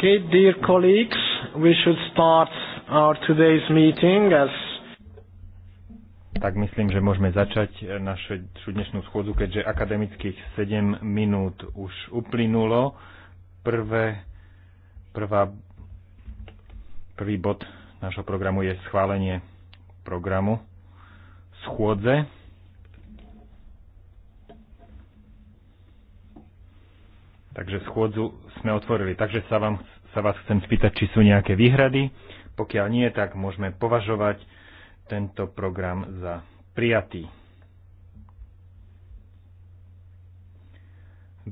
Okay, dear colleagues, we should start our today's meeting as tak myslím, že môžeme začať našu dnešnú schôdzu, keďže akademických 7 minút už uplynulo. Prvé, prvá, prvý bod nášho programu je schválenie programu schôdze. Takže schôdzu sme otvorili. Takže sa vám sa vás chcem spýtať, či sú nejaké výhrady. Pokiaľ nie, tak môžeme považovať tento program za prijatý.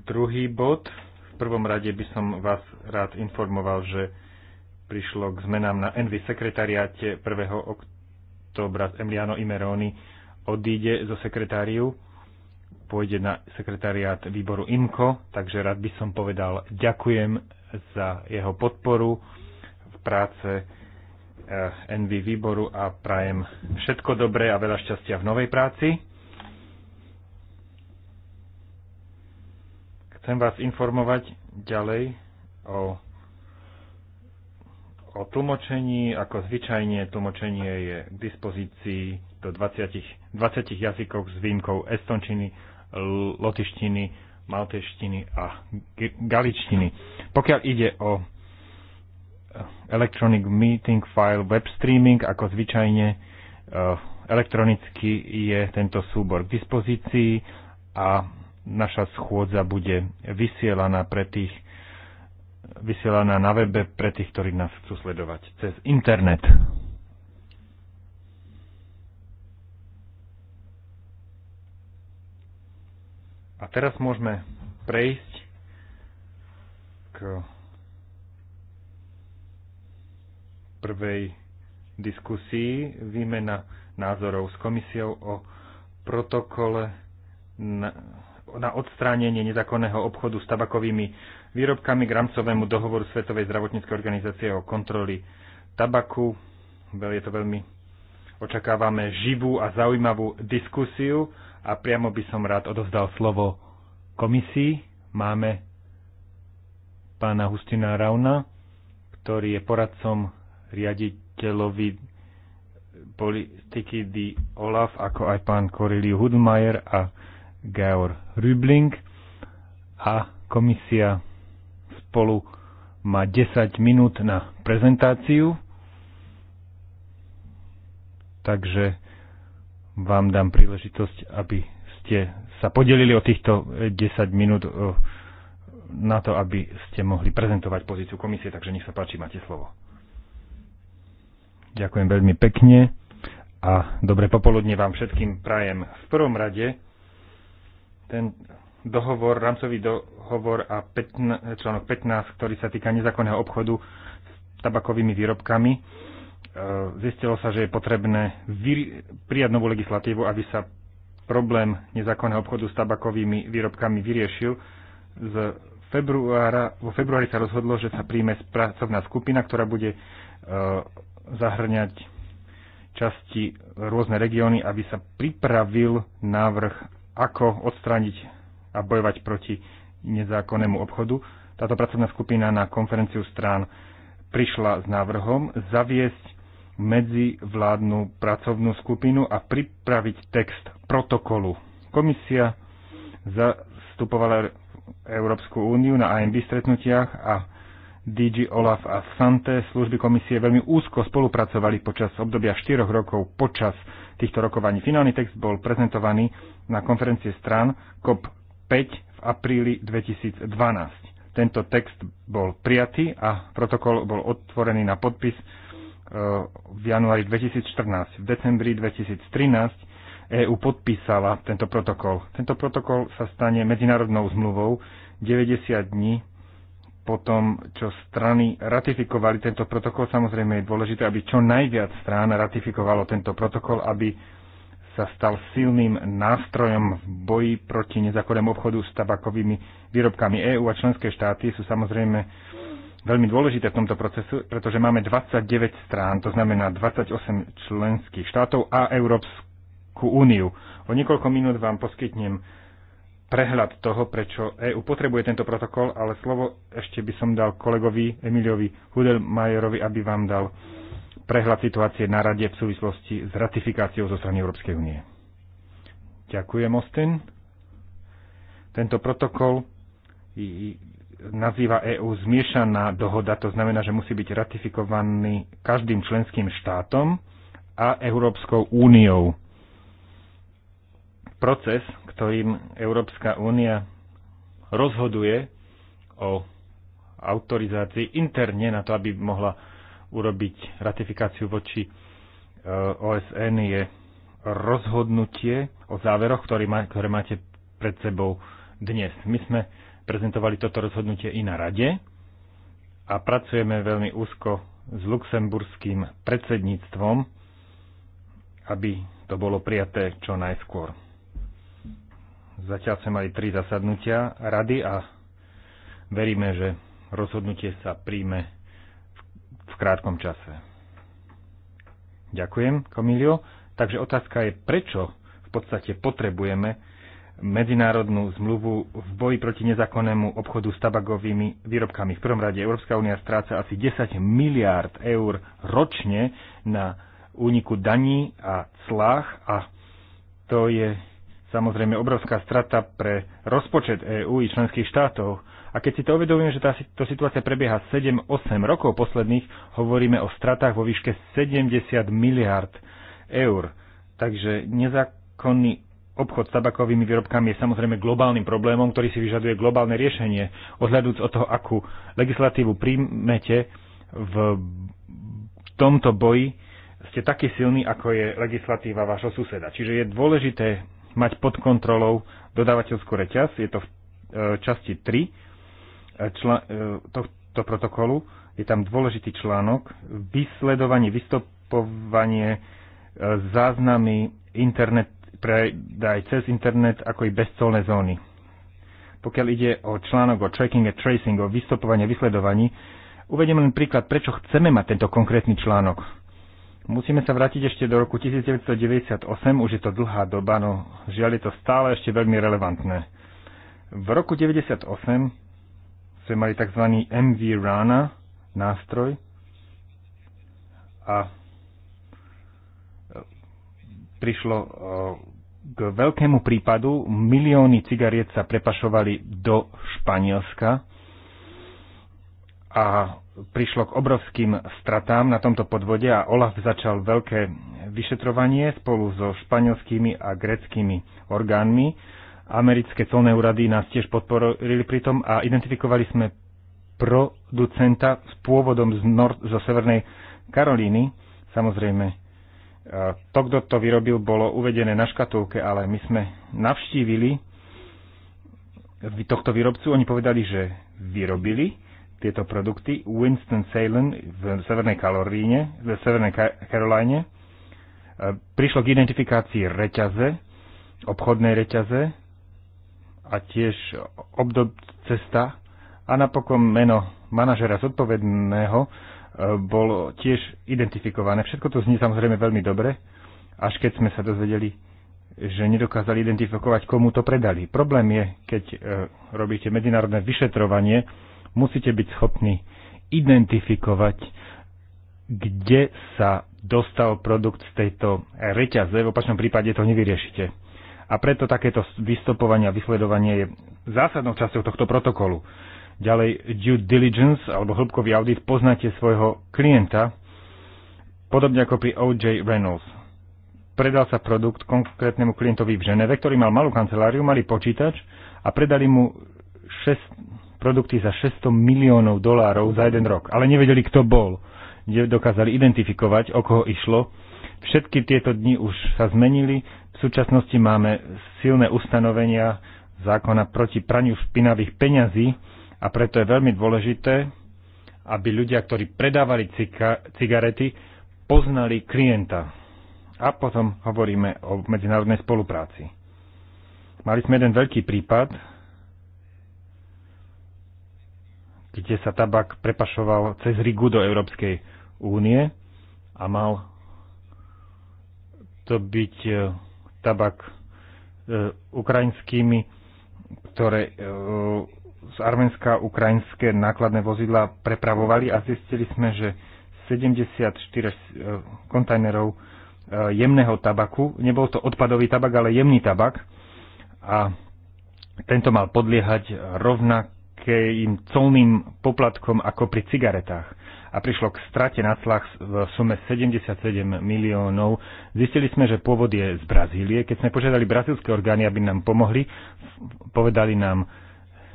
Druhý bod. V prvom rade by som vás rád informoval, že prišlo k zmenám na Envy sekretariáte 1. októbra Emiliano Imeroni odíde zo sekretáriu, pôjde na sekretariát výboru IMCO, takže rád by som povedal ďakujem za jeho podporu v práce eh, NV výboru a prajem všetko dobré a veľa šťastia v novej práci. Chcem vás informovať ďalej o, o tlmočení. Ako zvyčajne, tlmočenie je k dispozícii do 20, 20 jazykov s výjimkou estončiny, lotištiny, malteštiny a galičtiny. Pokiaľ ide o Electronic Meeting File web streaming, ako zvyčajne e, elektronicky je tento súbor k dispozícii a naša schôdza bude vysielaná pre tých, vysielaná na webe pre tých, ktorí nás chcú sledovať cez internet. A teraz môžeme prejsť k prvej diskusii výmena názorov s komisiou o protokole na, na odstránenie nezákonného obchodu s tabakovými výrobkami k rámcovému dohovoru Svetovej zdravotníckej organizácie o kontroli tabaku. Je to veľmi, očakávame živú a zaujímavú diskusiu a priamo by som rád odovzdal slovo komisii. Máme pána Hustina Rauna, ktorý je poradcom riaditeľovi politiky D. Olaf, ako aj pán Koriliu Hudmajer a Georg Rübling. A komisia spolu má 10 minút na prezentáciu. Takže vám dám príležitosť, aby ste sa podelili o týchto 10 eh, minút eh, na to, aby ste mohli prezentovať pozíciu komisie, takže nech sa páči, máte slovo. Ďakujem veľmi pekne a dobre popoludne vám všetkým prajem. V prvom rade ten dohovor, rámcový dohovor a petn, článok 15, ktorý sa týka nezákonného obchodu s tabakovými výrobkami, Eh, zistilo sa, že je potrebné prijať novú legislatívu, aby sa problém nezákonného obchodu s tabakovými výrobkami vyriešil. Z februára, vo februári sa rozhodlo, že sa príjme pracovná skupina, ktorá bude eh, zahrňať časti eh, rôzne regióny, aby sa pripravil návrh, ako odstrániť a bojovať proti nezákonnému obchodu. Táto pracovná skupina na konferenciu strán prišla s návrhom zaviesť medzivládnu pracovnú skupinu a pripraviť text protokolu. Komisia zastupovala Európsku úniu na AMB stretnutiach a DG Olaf a Sante služby komisie veľmi úzko spolupracovali počas obdobia 4 rokov počas týchto rokovaní. Finálny text bol prezentovaný na konferencie strán COP5 v apríli 2012. Tento text bol prijatý a protokol bol otvorený na podpis v januári 2014. V decembri 2013 EÚ podpísala tento protokol. Tento protokol sa stane medzinárodnou zmluvou 90 dní po tom, čo strany ratifikovali tento protokol. Samozrejme je dôležité, aby čo najviac strán ratifikovalo tento protokol, aby sa stal silným nástrojom v boji proti nezákonnému obchodu s tabakovými výrobkami. EÚ a členské štáty sú samozrejme veľmi dôležité v tomto procesu, pretože máme 29 strán, to znamená 28 členských štátov a Európsku úniu. O niekoľko minút vám poskytnem prehľad toho, prečo EÚ potrebuje tento protokol, ale slovo ešte by som dal kolegovi Emiliovi Hudelmajerovi, aby vám dal prehľad situácie na rade v súvislosti s ratifikáciou zo strany Európskej únie. Ďakujem, Austin. Tento protokol nazýva EÚ zmiešaná dohoda, to znamená, že musí byť ratifikovaný každým členským štátom a Európskou úniou. Proces, ktorým Európska únia rozhoduje o autorizácii interne na to, aby mohla urobiť ratifikáciu voči e, OSN, je rozhodnutie o záveroch, ktoré máte pred sebou dnes. My sme prezentovali toto rozhodnutie i na rade a pracujeme veľmi úzko s luxemburským predsedníctvom, aby to bolo prijaté čo najskôr. Zatiaľ sme mali tri zasadnutia rady a veríme, že rozhodnutie sa príjme v krátkom čase. Ďakujem, Komilio. Takže otázka je, prečo v podstate potrebujeme medzinárodnú zmluvu v boji proti nezákonnému obchodu s tabakovými výrobkami. V prvom rade Európska únia stráca asi 10 miliárd eur ročne na úniku daní a clách a to je samozrejme obrovská strata pre rozpočet EÚ i členských štátov. A keď si to uvedomíme, že táto situácia prebieha 7-8 rokov posledných, hovoríme o stratách vo výške 70 miliard eur. Takže nezákonný obchod s tabakovými výrobkami je samozrejme globálnym problémom, ktorý si vyžaduje globálne riešenie, odhľadúc od toho, akú legislatívu príjmete v tomto boji ste taký silný, ako je legislatíva vašho suseda. Čiže je dôležité mať pod kontrolou dodávateľskú reťaz, je to v e, časti 3 e, čl- e, tohto protokolu, je tam dôležitý článok, vysledovanie, vystopovanie, záznamy internet predaj cez internet, ako i bezcolné zóny. Pokiaľ ide o článok o tracking a tracing, o vystopovanie a vysledovaní, uvediem len príklad, prečo chceme mať tento konkrétny článok. Musíme sa vrátiť ešte do roku 1998, už je to dlhá doba, no žiaľ je to stále ešte veľmi relevantné. V roku 1998 sme mali tzv. MV Rana nástroj a prišlo e, k veľkému prípadu. Milióny cigariet sa prepašovali do Španielska a prišlo k obrovským stratám na tomto podvode a Olaf začal veľké vyšetrovanie spolu so španielskými a greckými orgánmi. Americké colné úrady nás tiež podporili pritom a identifikovali sme producenta s pôvodom z Nord, zo Severnej Karolíny. Samozrejme, to, kto to vyrobil, bolo uvedené na škatulke, ale my sme navštívili tohto výrobcu. Oni povedali, že vyrobili tieto produkty Winston-Salem v Severnej Kaloríne, v Severnej Caroline. E, prišlo k identifikácii reťaze, obchodnej reťaze a tiež obdob cesta a napokon meno manažera zodpovedného bolo tiež identifikované. Všetko to znie samozrejme veľmi dobre, až keď sme sa dozvedeli, že nedokázali identifikovať, komu to predali. Problém je, keď e, robíte medzinárodné vyšetrovanie, musíte byť schopní identifikovať, kde sa dostal produkt z tejto reťaze, v opačnom prípade to nevyriešite. A preto takéto vystopovanie a vysledovanie je zásadnou časťou tohto protokolu. Ďalej due diligence alebo hĺbkový audit poznáte svojho klienta, podobne ako pri O.J. Reynolds. Predal sa produkt konkrétnemu klientovi v Ženeve, ktorý mal malú kanceláriu, malý počítač a predali mu šest, produkty za 600 miliónov dolárov za jeden rok. Ale nevedeli, kto bol. Dokázali identifikovať, o koho išlo. Všetky tieto dni už sa zmenili. V súčasnosti máme silné ustanovenia zákona proti praniu špinavých peňazí, a preto je veľmi dôležité, aby ľudia, ktorí predávali cigarety, poznali klienta. A potom hovoríme o medzinárodnej spolupráci. Mali sme jeden veľký prípad, kde sa tabak prepašoval cez Rigu do Európskej únie a mal to byť e, tabak e, ukrajinskými, ktoré e, z Arménska ukrajinské nákladné vozidla prepravovali a zistili sme, že 74 eh, kontajnerov eh, jemného tabaku, nebol to odpadový tabak, ale jemný tabak a tento mal podliehať rovnakým colným poplatkom ako pri cigaretách a prišlo k strate na tlach v sume 77 miliónov. Zistili sme, že pôvod je z Brazílie. Keď sme požiadali brazílske orgány, aby nám pomohli, povedali nám,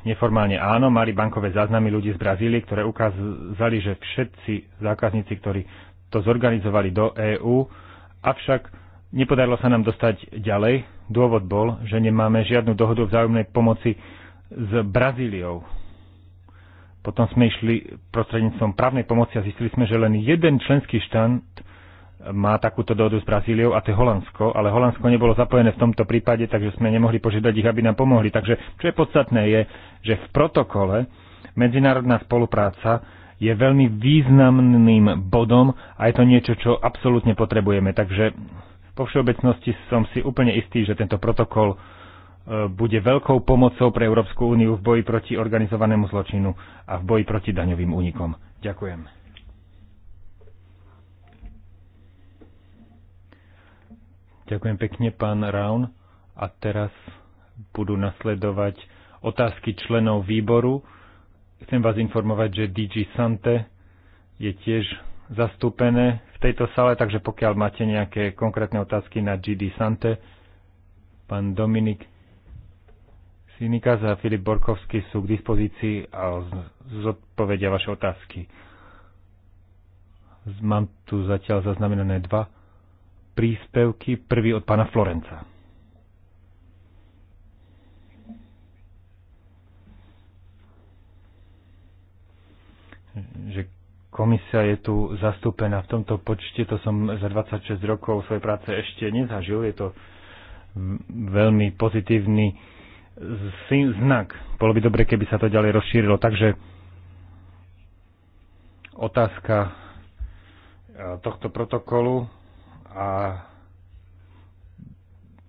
neformálne áno, mali bankové záznamy ľudí z Brazílie, ktoré ukázali, že všetci zákazníci, ktorí to zorganizovali do EÚ, avšak nepodarilo sa nám dostať ďalej. Dôvod bol, že nemáme žiadnu dohodu vzájomnej pomoci s Brazíliou. Potom sme išli prostredníctvom právnej pomoci a zistili sme, že len jeden členský štát má takúto dohodu s Brazíliou a to je Holandsko, ale Holandsko nebolo zapojené v tomto prípade, takže sme nemohli požiadať ich, aby nám pomohli. Takže čo je podstatné je, že v protokole medzinárodná spolupráca je veľmi významným bodom a je to niečo, čo absolútne potrebujeme. Takže po všeobecnosti som si úplne istý, že tento protokol e, bude veľkou pomocou pre Európsku úniu v boji proti organizovanému zločinu a v boji proti daňovým únikom. Ďakujem. Ďakujem pekne, pán Raun. A teraz budú nasledovať otázky členov výboru. Chcem vás informovať, že DG Sante je tiež zastúpené v tejto sale, takže pokiaľ máte nejaké konkrétne otázky na GD Sante, pán Dominik Sinikas a Filip Borkovský sú k dispozícii a zodpovedia vaše otázky. Mám tu zatiaľ zaznamenané dva príspevky. Prvý od pána Florenca. že komisia je tu zastúpená v tomto počte, to som za 26 rokov svojej práce ešte nezažil, je to veľmi pozitívny znak. Bolo by dobre, keby sa to ďalej rozšírilo. Takže otázka eh, tohto protokolu a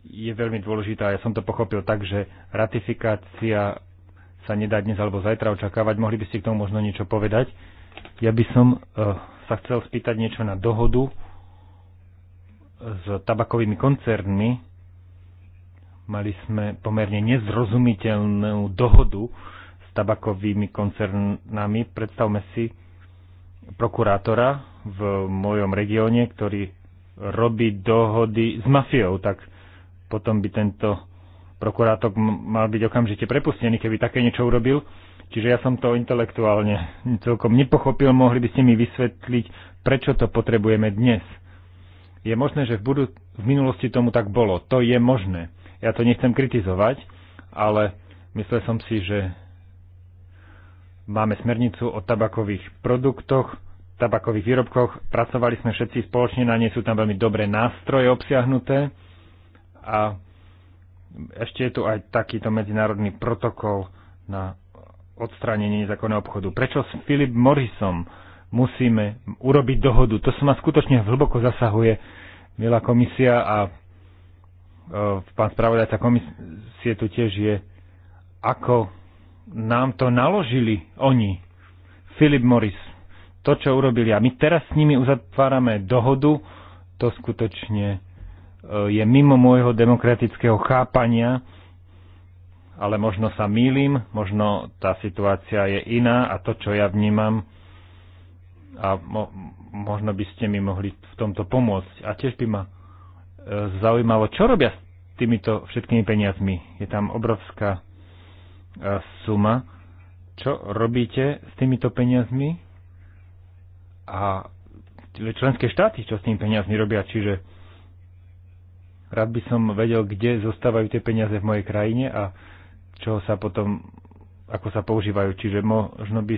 je veľmi dôležitá. Ja som to pochopil tak, že ratifikácia sa nedá dnes alebo zajtra očakávať. Mohli by ste k tomu možno niečo povedať? Ja by som eh, sa chcel spýtať niečo na dohodu s tabakovými koncernmi. Mali sme pomerne nezrozumiteľnú dohodu s tabakovými koncernami. Predstavme si prokurátora v mojom regióne, ktorý robí dohody s mafiou, tak potom by tento prokurátor mal byť okamžite prepustený, keby také niečo urobil. Čiže ja som to intelektuálne celkom nepochopil, mohli by ste mi vysvetliť, prečo to potrebujeme dnes. Je možné, že v, budu- v minulosti tomu tak bolo. To je možné. Ja to nechcem kritizovať, ale myslel som si, že máme smernicu o tabakových produktoch, tabakových výrobkoch. Pracovali sme všetci spoločne na nie sú tam veľmi dobré nástroje obsiahnuté a ešte je tu aj takýto medzinárodný protokol na odstránenie nezákonného obchodu. Prečo s Philip Morrisom musíme urobiť dohodu? To sa ma skutočne hlboko zasahuje, milá komisia a e, pán spravodajca komisie tu tiež je, ako nám to naložili oni, Philip Morris to, čo urobili. A my teraz s nimi uzatvárame dohodu, to skutočne e, je mimo môjho demokratického chápania, ale možno sa mýlim, možno tá situácia je iná a to, čo ja vnímam, a mo- možno by ste mi mohli v tomto pomôcť. A tiež by ma e, zaujímalo, čo robia s týmito všetkými peniazmi. Je tam obrovská e, suma. Čo robíte s týmito peniazmi? a členské štáty, čo s tým peniazmi robia, čiže rád by som vedel, kde zostávajú tie peniaze v mojej krajine a čo sa potom, ako sa používajú. Čiže možno by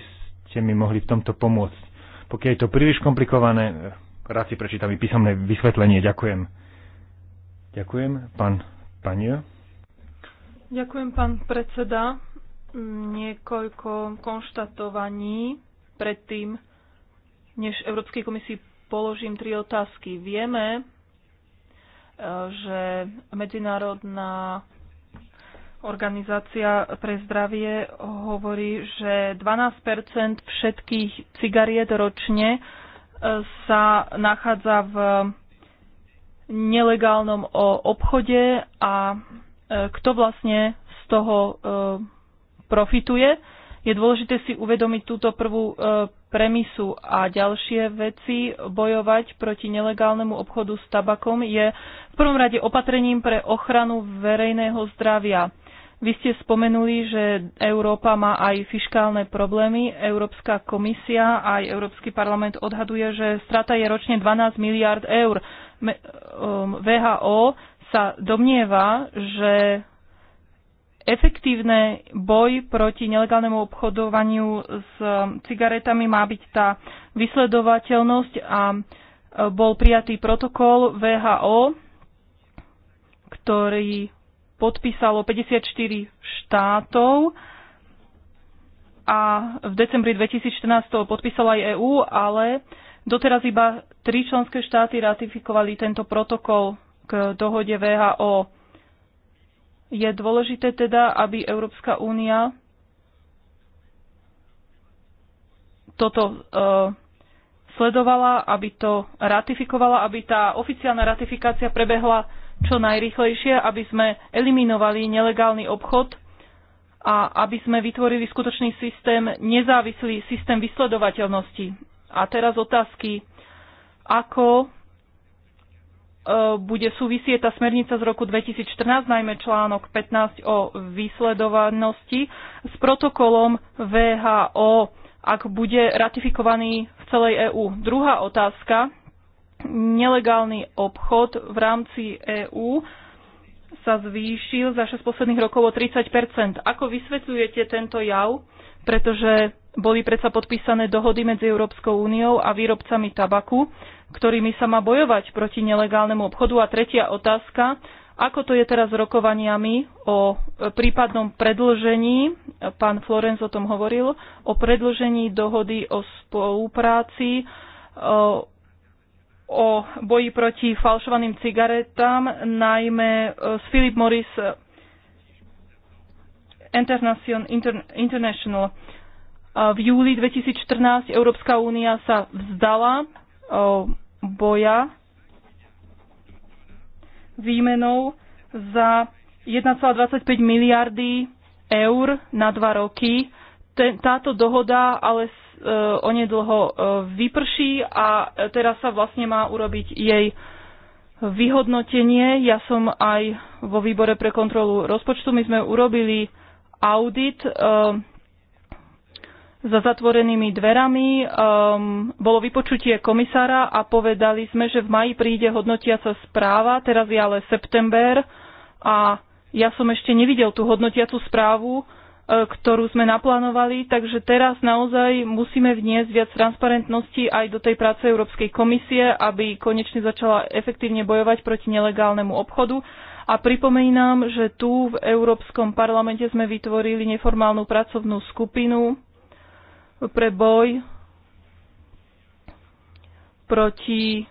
ste mi mohli v tomto pomôcť. Pokiaľ je to príliš komplikované, rád si prečítam i písomné vysvetlenie. Ďakujem. Ďakujem. Pán Panio. Ďakujem, pán predseda. Niekoľko konštatovaní predtým, než Európskej komisii položím tri otázky. Vieme, e, že Medzinárodná organizácia pre zdravie hovorí, že 12 všetkých cigariet ročne e, sa nachádza v nelegálnom obchode a e, kto vlastne z toho profituje je dôležité si uvedomiť túto prvú e, premisu a ďalšie veci. Bojovať proti nelegálnemu obchodu s tabakom je v prvom rade opatrením pre ochranu verejného zdravia. Vy ste spomenuli, že Európa má aj fiškálne problémy. Európska komisia a aj Európsky parlament odhaduje, že strata je ročne 12 miliard eur. E, VHO sa domnieva, že efektívne boj proti nelegálnemu obchodovaniu s um, cigaretami má byť tá vysledovateľnosť a uh, bol prijatý protokol VHO, ktorý podpísalo 54 štátov a v decembri 2014 to podpísala aj EÚ, ale doteraz iba tri členské štáty ratifikovali tento protokol k dohode VHO. Je dôležité teda, aby Európska únia toto uh, sledovala, aby to ratifikovala, aby tá oficiálna ratifikácia prebehla čo najrychlejšie, aby sme eliminovali nelegálny obchod a aby sme vytvorili skutočný systém, nezávislý systém vysledovateľnosti. A teraz otázky, ako E, bude súvisieť tá smernica z roku 2014, najmä článok 15 o výsledovanosti, s protokolom VHO, ak bude ratifikovaný v celej EÚ. Druhá otázka, nelegálny obchod v rámci EÚ sa zvýšil za 6 posledných rokov o 30 Ako vysvetľujete tento jav? pretože boli predsa podpísané dohody medzi Európskou úniou a výrobcami tabaku, ktorými sa má bojovať proti nelegálnemu obchodu. A tretia otázka, ako to je teraz s rokovaniami o e, prípadnom predlžení, e, pán Florenz o tom hovoril, o predlžení dohody o spolupráci, e, o boji proti falšovaným cigaretám, najmä s Philip Morris International, International. V júli 2014 Európska únia sa vzdala boja výmenou za 1,25 miliardy eur na dva roky. Táto dohoda ale e, onedlho e, vyprší a teraz sa vlastne má urobiť jej vyhodnotenie. Ja som aj vo výbore pre kontrolu rozpočtu. My sme urobili audit eh, za zatvorenými dverami. Um, bolo vypočutie komisára a povedali sme, že v maji príde hodnotiaca správa, teraz je ale september a ja som ešte nevidel tú hodnotiacu správu, e, ktorú sme naplánovali, takže teraz naozaj musíme vniesť viac transparentnosti aj do tej práce Európskej komisie, aby konečne začala efektívne bojovať proti nelegálnemu obchodu a pripomínam, že tu v Európskom parlamente sme vytvorili neformálnu pracovnú skupinu pre boj proti e,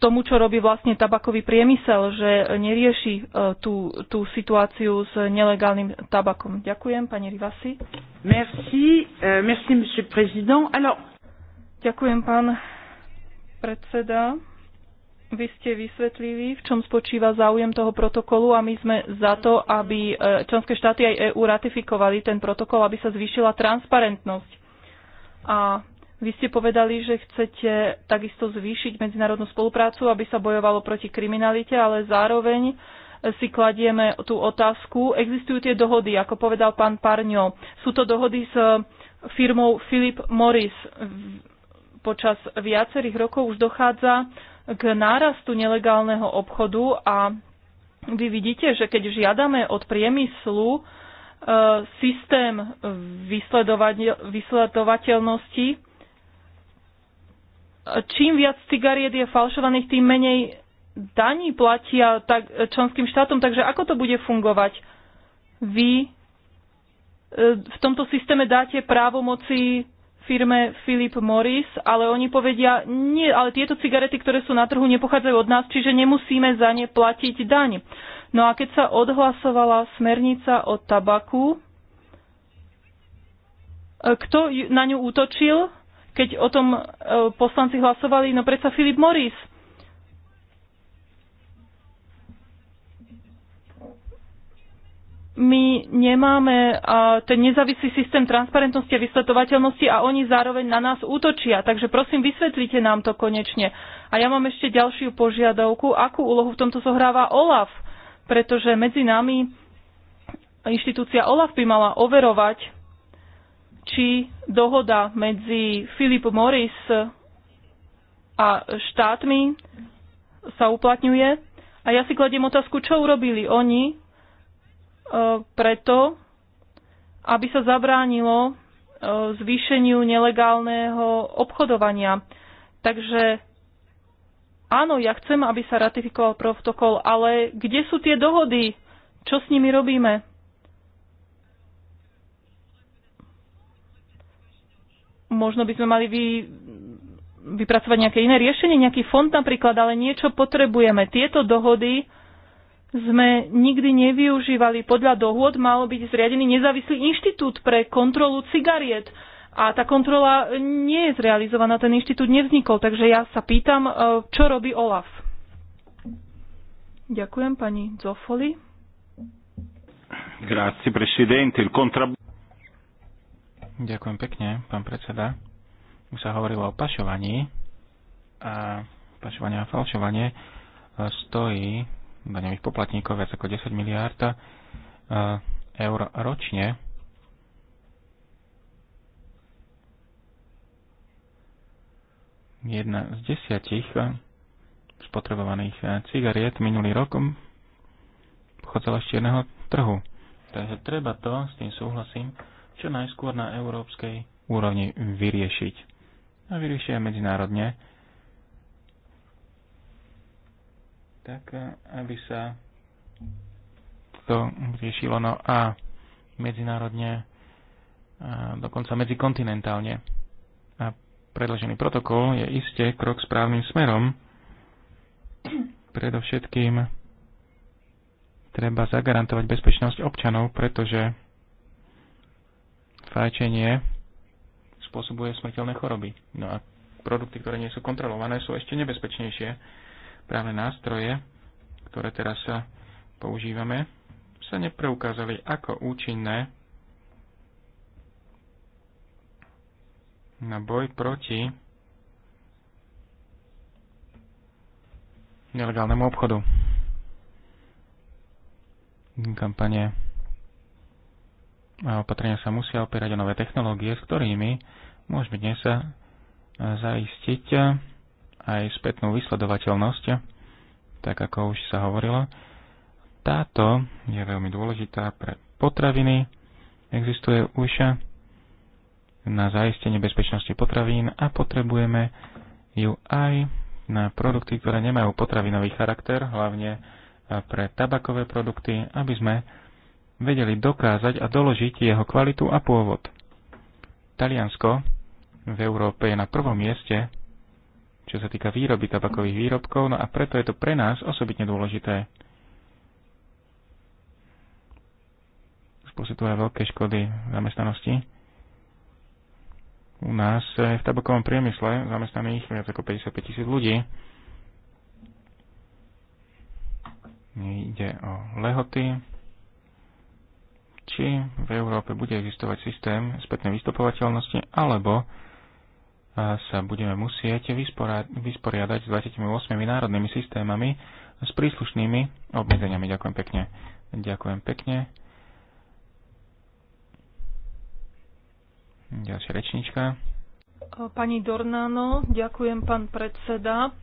tomu, čo robí vlastne tabakový priemysel, že nerieši e, tú, tú situáciu s nelegálnym tabakom. Ďakujem, pani Rivasi. Merci, e, merci, monsieur président. Alors... Ďakujem, pán predseda. Vy ste vysvetlili, v čom spočíva záujem toho protokolu a my sme za to, aby e, členské štáty aj EÚ ratifikovali ten protokol, aby sa zvýšila transparentnosť. A vy ste povedali, že chcete takisto zvýšiť medzinárodnú spoluprácu, aby sa bojovalo proti kriminalite, ale zároveň e, si kladieme tú otázku. Existujú tie dohody, ako povedal pán Parňo. Sú to dohody s e, firmou Philip Morris. Počas viacerých rokov už dochádza k nárastu nelegálneho obchodu a vy vidíte, že keď žiadame od priemyslu e, systém vysledovateľnosti, čím viac cigariet je falšovaných, tým menej daní platia tak, členským štátom. Takže ako to bude fungovať? Vy e, v tomto systéme dáte právomoci firme Philip Morris, ale oni povedia, nie, ale tieto cigarety, ktoré sú na trhu, nepochádzajú od nás, čiže nemusíme za ne platiť daň. No a keď sa odhlasovala smernica o tabaku, e, kto na ňu útočil, keď o tom e, poslanci hlasovali? No predsa Philip Morris. my nemáme ten nezávislý systém transparentnosti a vysvetovateľnosti a oni zároveň na nás útočia. Takže prosím, vysvetlite nám to konečne. A ja mám ešte ďalšiu požiadavku, akú úlohu v tomto zohráva OLAF, pretože medzi nami inštitúcia OLAF by mala overovať, či dohoda medzi Philip Morris a štátmi sa uplatňuje. A ja si kladiem otázku, čo urobili oni, E, preto, aby sa zabránilo e, zvýšeniu nelegálneho obchodovania. Takže áno, ja chcem, aby sa ratifikoval protokol, ale kde sú tie dohody? Čo s nimi robíme? Možno by sme mali vy, vypracovať nejaké iné riešenie, nejaký fond napríklad, ale niečo potrebujeme. Tieto dohody sme nikdy nevyužívali. Podľa dohôd mal byť zriadený nezávislý inštitút pre kontrolu cigariet. A tá kontrola nie je zrealizovaná, ten inštitút nevznikol. Takže ja sa pýtam, e, čo robí OLAF. Ďakujem pani Zofoli. Grazie, presidente. Il contra... Ďakujem pekne, pán predseda. Už sa hovorilo o pašovaní a pašovanie a falšovanie e, stojí daňových poplatníkov viac ako 10 miliárd eh, eur ročne. Jedna z desiatich eh, spotrebovaných eh, cigariet minulý rok hm, pochádzala z čierneho trhu. Takže treba to, s tým súhlasím, čo najskôr na európskej úrovni vyriešiť. A vyriešia medzinárodne tak e, aby sa to riešilo no a medzinárodne, a e, dokonca medzikontinentálne. A predložený protokol je iste krok správnym smerom. Predovšetkým treba zagarantovať bezpečnosť občanov, pretože fajčenie spôsobuje smrteľné choroby. No a produkty, ktoré nie sú kontrolované, sú ešte nebezpečnejšie právne nástroje, ktoré teraz sa používame, sa nepreukázali ako účinné na boj proti nelegálnemu obchodu. Kampanie a opatrenia sa musia opierať o nové technológie, s ktorými môžeme dnes sa zaistiť aj spätnú vysledovateľnosť, tak ako už sa hovorilo. Táto je veľmi dôležitá pre potraviny. Existuje už na zaistenie bezpečnosti potravín a potrebujeme ju aj na produkty, ktoré nemajú potravinový charakter, hlavne pre tabakové produkty, aby sme vedeli dokázať a doložiť jeho kvalitu a pôvod. Taliansko v Európe je na prvom mieste čo sa týka výroby tabakových výrobkov, no a preto je to pre nás osobitne dôležité. Spôsobuje veľké škody zamestnanosti. U nás eh, v tabakovom priemysle zamestnaných viac ako 55 tisíc ľudí. Ide o lehoty, či v Európe bude existovať systém spätnej vystupovateľnosti, alebo sa budeme musieť vysporiadať s 28 národnými systémami s príslušnými obmedzeniami. Ďakujem pekne. Ďakujem pekne. Ďalšia rečnička. Pani Dornáno, ďakujem pán predseda.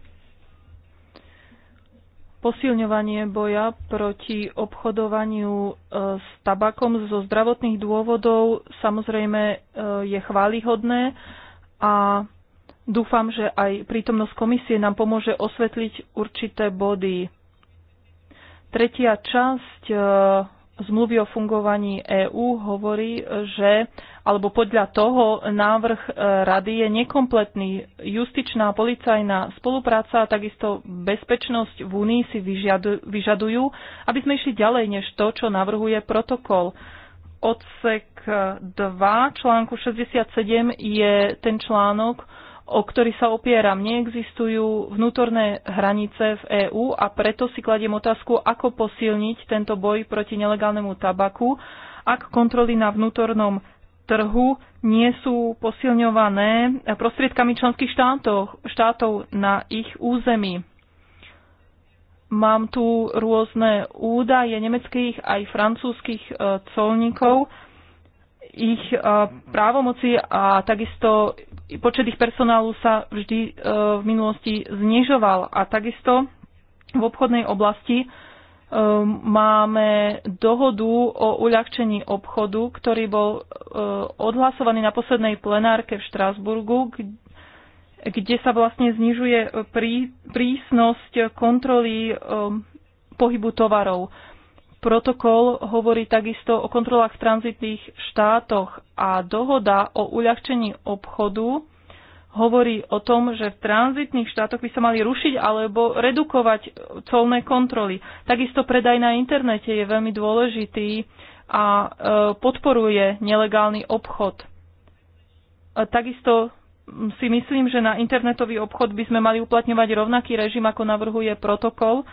Posilňovanie boja proti obchodovaniu e, s tabakom zo zdravotných dôvodov samozrejme e, je chválihodné a dúfam, že aj prítomnosť komisie nám pomôže osvetliť určité body. Tretia časť e, zmluvy o fungovaní EÚ hovorí, že alebo podľa toho návrh e, rady je nekompletný. Justičná policajná spolupráca a takisto bezpečnosť v Únii si vyžadujú, aby sme išli ďalej než to, čo navrhuje protokol odsek 2 článku 67 je ten článok, o ktorý sa opieram. Neexistujú vnútorné hranice v EÚ a preto si kladiem otázku, ako posilniť tento boj proti nelegálnemu tabaku, ak kontroly na vnútornom trhu nie sú posilňované prostriedkami členských štátov, štátov na ich území. Mám tu rôzne údaje nemeckých aj francúzskych e, colníkov, ich e, právomoci a takisto počet ich personálu sa vždy e, v minulosti znižoval. A takisto v obchodnej oblasti máme dohodu o uľahčení obchodu, ktorý bol odhlasovaný na poslednej plenárke v Štrásburgu, kde sa vlastne znižuje e, prí, prísnosť kontroly um, pohybu tovarov. Protokol hovorí takisto o kontrolách v tranzitných štátoch a dohoda o uľahčení obchodu hovorí o tom, že v tranzitných štátoch by sa mali rušiť alebo redukovať colné kontroly. Takisto predaj na internete je veľmi dôležitý a e, podporuje nelegálny obchod. Takisto si myslím, že na internetový obchod by sme mali uplatňovať rovnaký režim, ako navrhuje protokol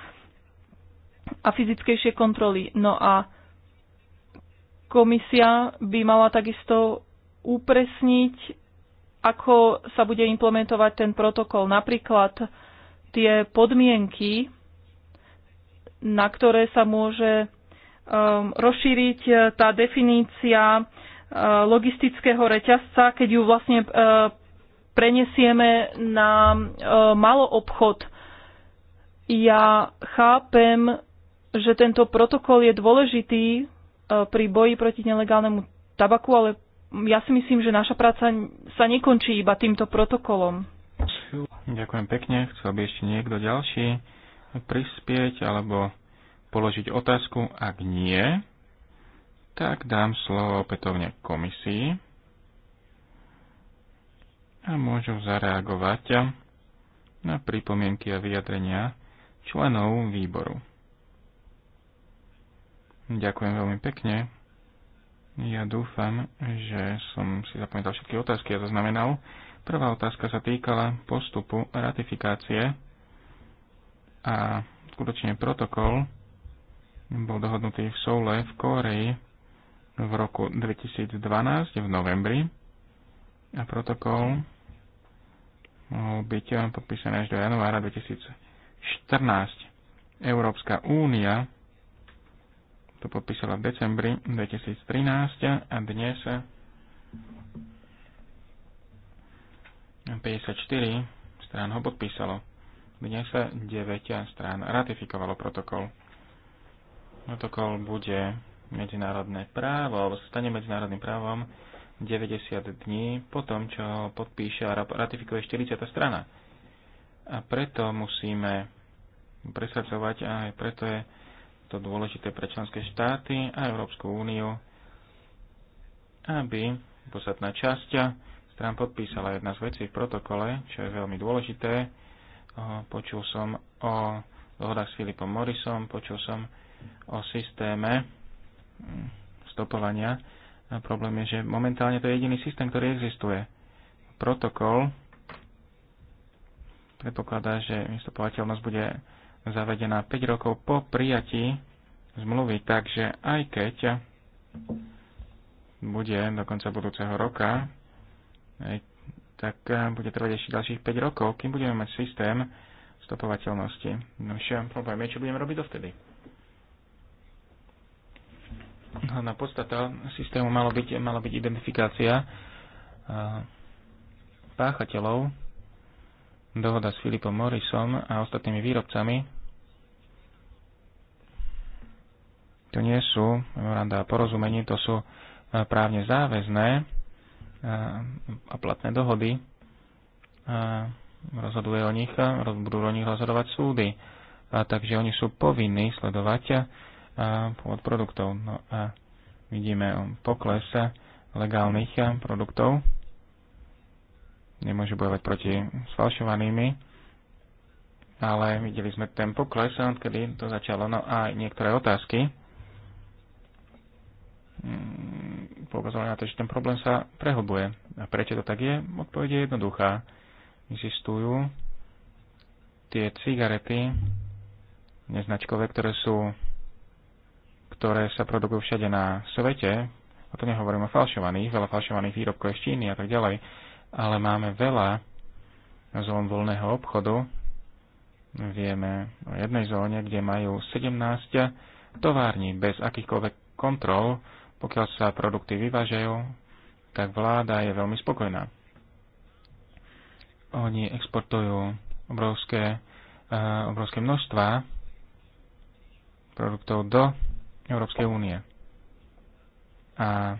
a fyzickejšie kontroly. No a komisia by mala takisto upresniť, ako sa bude implementovať ten protokol. Napríklad tie podmienky, na ktoré sa môže um, rozšíriť e, tá definícia uh, logistického reťazca, keď ju vlastne uh, prenesieme na e, maloobchod. Ja chápem, že tento protokol je dôležitý e, pri boji proti nelegálnemu tabaku, ale ja si myslím, že naša práca sa nekončí iba týmto protokolom. Ďakujem pekne. Chcel by ešte niekto ďalší prispieť alebo položiť otázku. Ak nie, tak dám slovo opätovne komisii a môžu zareagovať na pripomienky a vyjadrenia členov výboru. Ďakujem veľmi pekne. Ja dúfam, že som si zapamätal všetky otázky a zaznamenal. Prvá otázka sa týkala postupu ratifikácie a skutočne protokol bol dohodnutý v Soule v Kórei v roku 2012 v novembri a protokol mohol byť podpísaný až do januára 2014. Európska únia to podpísala v decembri 2013 a dnes 54 strán ho podpísalo. Dnes 9 strán ratifikovalo protokol. Protokol bude medzinárodné právo, alebo sa stane medzinárodným právom 90 dní po tom, čo podpíše a ratifikuje 40. strana. A preto musíme presadzovať a aj preto je to dôležité pre členské štáty a Európsku úniu, aby podstatná časť strán podpísala jedna z vecí v protokole, čo je veľmi dôležité. Počul som o dohodách s Filipom Morrisom, počul som o systéme hm, stopovania a problém je, že momentálne to je jediný systém, ktorý existuje. Protokol predpokladá, že vystupovateľnosť bude zavedená 5 rokov po prijatí zmluvy, takže aj keď bude do konca budúceho roka, tak eh, bude trvať ešte ďalších 5 rokov, kým budeme mať systém stopovateľnosti. No problém je, čo budeme robiť dovtedy hlavná podstata systému mala byť, mala byť identifikácia páchateľov. Dohoda s Filipom Morrisom a ostatnými výrobcami. To nie sú memoranda a porozumení, to sú právne záväzné a platné dohody. A rozhoduje o nich, budú o nich rozhodovať súdy. A takže oni sú povinní sledovať pôvod produktov. No a vidíme pokles legálnych produktov. Nemôže bojovať proti sfalšovanými, ale videli sme ten pokles, kedy to začalo. No a niektoré otázky mm, poukazovali na to, že ten problém sa prehlbuje. A prečo to tak je? Odpoveď je jednoduchá. Existujú tie cigarety, neznačkové, ktoré sú ktoré sa produkujú všade na svete, a to nehovorím o falšovaných, veľa falšovaných výrobkov je z Číny a tak ďalej, ale máme veľa zón voľného obchodu. Vieme o jednej zóne, kde majú 17 tovární bez akýchkoľvek kontrol, pokiaľ sa produkty vyvážajú, tak vláda je veľmi spokojná. Oni exportujú obrovské, eh, obrovské množstva produktov do Európskej únie. A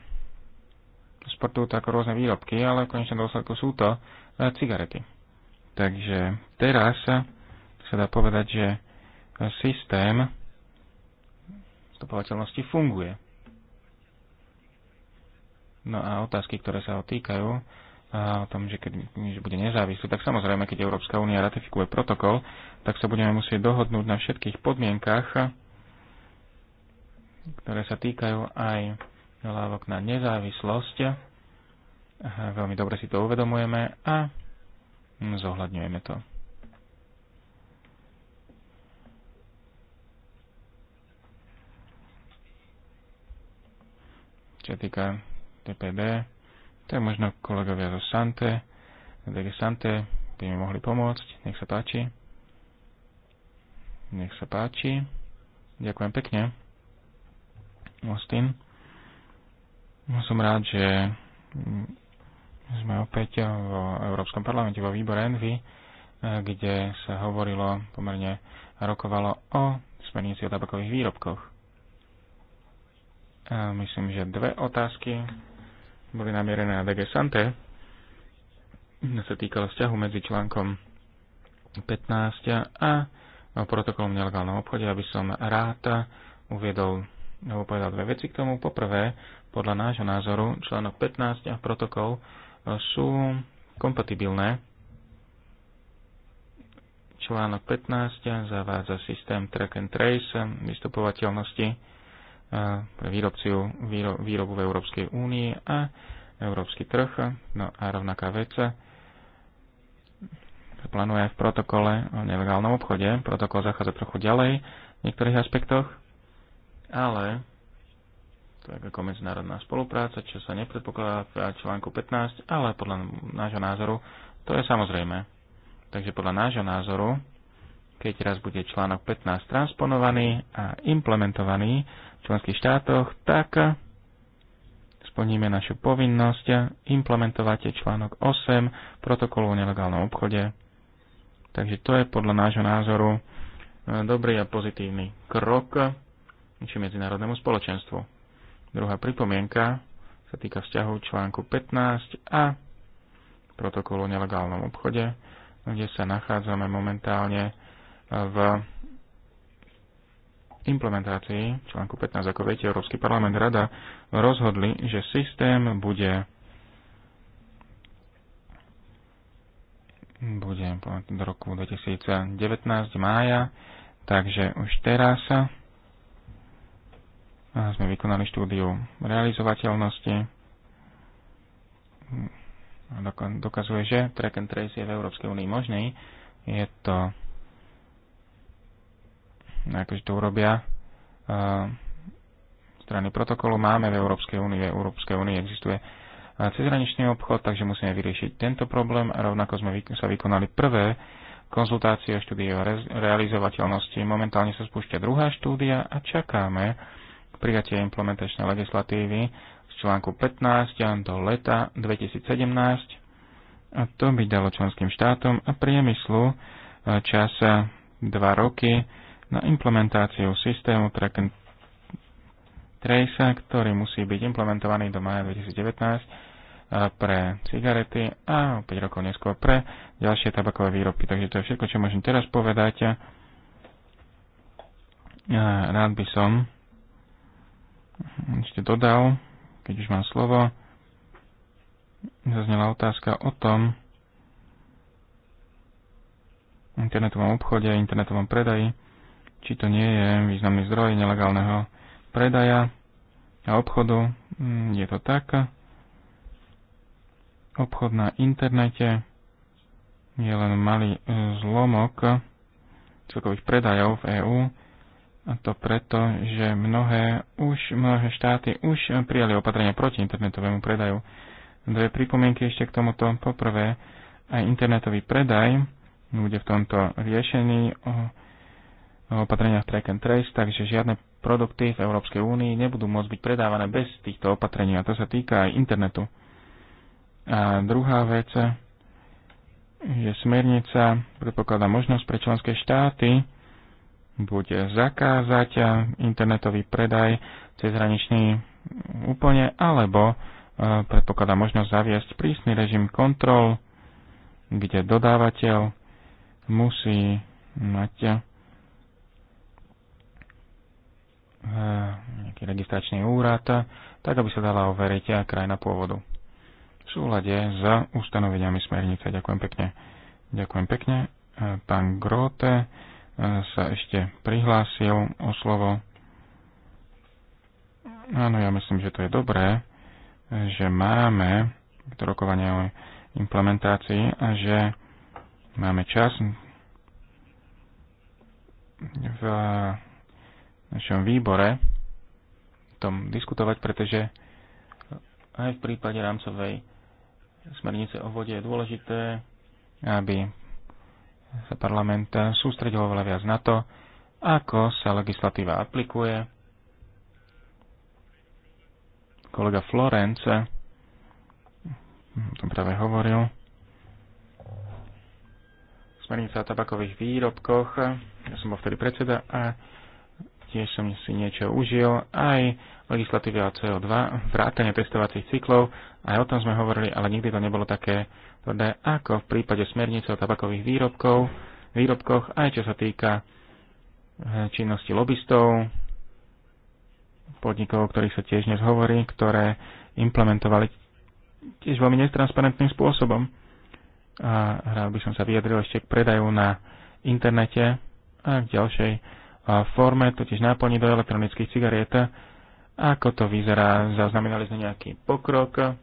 sportujú to ako rôzne výrobky, ale v konečnom dôsledku sú to e, cigarety. Takže teraz sa dá povedať, že systém stopovateľnosti funguje. No a otázky, ktoré sa ho týkajú, a e, o tom, že keď že bude nezávislý, tak samozrejme, keď Európska únia ratifikuje protokol, tak sa budeme musieť dohodnúť na všetkých podmienkách, ktoré sa týkajú aj hlavok na nezávislosť. Veľmi dobre si to uvedomujeme a zohľadňujeme to. Čo týka TPD, to je možno kolegovia zo Sante, DG Sante by mi mohli pomôcť, nech sa páči. Nech sa páči. Ďakujem pekne. Austin. No, som rád, že sme opäť v Európskom parlamente vo výbore Envy, eh, kde sa hovorilo pomerne rokovalo o smernici o tabakových výrobkoch. A myslím, že dve otázky boli namierené na DG Sante. Na sa týkala vzťahu medzi článkom 15 a protokolom nelegálnom obchode, aby som rád uviedol alebo povedal dve veci k tomu. Poprvé, podľa nášho názoru, článok 15 a protokol e, sú kompatibilné. Článok 15 zavádza systém track and trace vystupovateľnosti e, pre výrobciu, výro, výrobu v Európskej únii a európsky trh. No a rovnaká vec plánuje v protokole o nelegálnom obchode. Protokol zachádza trochu ďalej v niektorých aspektoch ale to je ako medzinárodná spolupráca, čo sa nepredpokladá v článku 15, ale podľa nášho názoru to je samozrejme. Takže podľa nášho názoru, keď raz bude článok 15 transponovaný a implementovaný v členských štátoch, tak splníme našu povinnosť implementovať článok 8 protokolu o nelegálnom obchode. Takže to je podľa nášho názoru e, dobrý a pozitívny krok či medzinárodnému spoločenstvu. Druhá pripomienka sa týka vzťahu článku 15 a protokolu o nelegálnom obchode, kde sa nachádzame momentálne v implementácii článku 15, ako viete, Európsky parlament rada rozhodli, že systém bude bude do roku 2019 mája, takže už teraz sa a sme vykonali štúdiu realizovateľnosti. A dokazuje, že track and trace je v Európskej únii možný. Je to akože to urobia strany protokolu máme v Európskej únii. V Európskej únii existuje cezhraničný obchod, takže musíme vyriešiť tento problém. A rovnako sme sa vykonali prvé konzultácie o štúdii o realizovateľnosti. Momentálne sa spúšťa druhá štúdia a čakáme prijatie implementačnej legislatívy z článku 15 do leta 2017 a to by dalo členským štátom a priemyslu e, čas 2 e, roky na implementáciu systému track and trace, ktorý musí byť implementovaný do maja 2019 e, pre cigarety a 5 rokov neskôr pre ďalšie tabakové výrobky. Takže to je všetko, čo môžem teraz povedať. Rád by som ešte dodal, keď už mám slovo, zaznela otázka o tom, internetovom obchode, internetovom predaji, či to nie je významný zdroj nelegálneho predaja a obchodu. Mm, je to tak. Obchod na internete je len malý e, zlomok celkových predajov v EÚ a to preto, že mnohé, už, mnohé štáty už prijali opatrenia proti internetovému predaju. Dve pripomienky ešte k tomuto. Poprvé, aj internetový predaj bude v tomto riešený o, o opatreniach track and trace, takže žiadne produkty v Európskej únii nebudú môcť byť predávané bez týchto opatrení a to sa týka aj internetu. A druhá vec je smernica, predpokladá možnosť pre členské štáty, bude zakázať internetový predaj cezhraničný úplne, alebo e, predpokladá možnosť zaviesť prísny režim kontrol, kde dodávateľ musí mať e, nejaký registračný úrad, tak aby sa dala overiť e, krajina pôvodu. V súlade s ustanoveniami smernice. Ďakujem pekne. Ďakujem pekne. Pán Grote sa ešte prihlásil o slovo. Áno, ja myslím, že to je dobré, že máme to rokovanie o implementácii a že máme čas v našom výbore tom diskutovať, pretože aj v prípade rámcovej smernice o vode je dôležité, aby sa parlament sústredil oveľa viac na to, ako sa legislatíva aplikuje. Kolega Florence o tom práve hovoril. Smernica o tabakových výrobkoch, ja som bol vtedy predseda a tiež som si niečo užil, aj legislatíva o CO2, vrátanie testovacích cyklov, aj o tom sme hovorili, ale nikdy to nebolo také teda ako v prípade smernice o tabakových výrobkov, výrobkoch, aj čo sa týka eh, činnosti lobbystov, podnikov, o ktorých sa tiež dnes hovorí, ktoré implementovali tiež veľmi netransparentným spôsobom. A rád by som sa vyjadril ešte k predaju na internete a k ďalšej forme, totiž náplni do elektronických cigariet. Ako to vyzerá, zaznamenali sme nejaký pokrok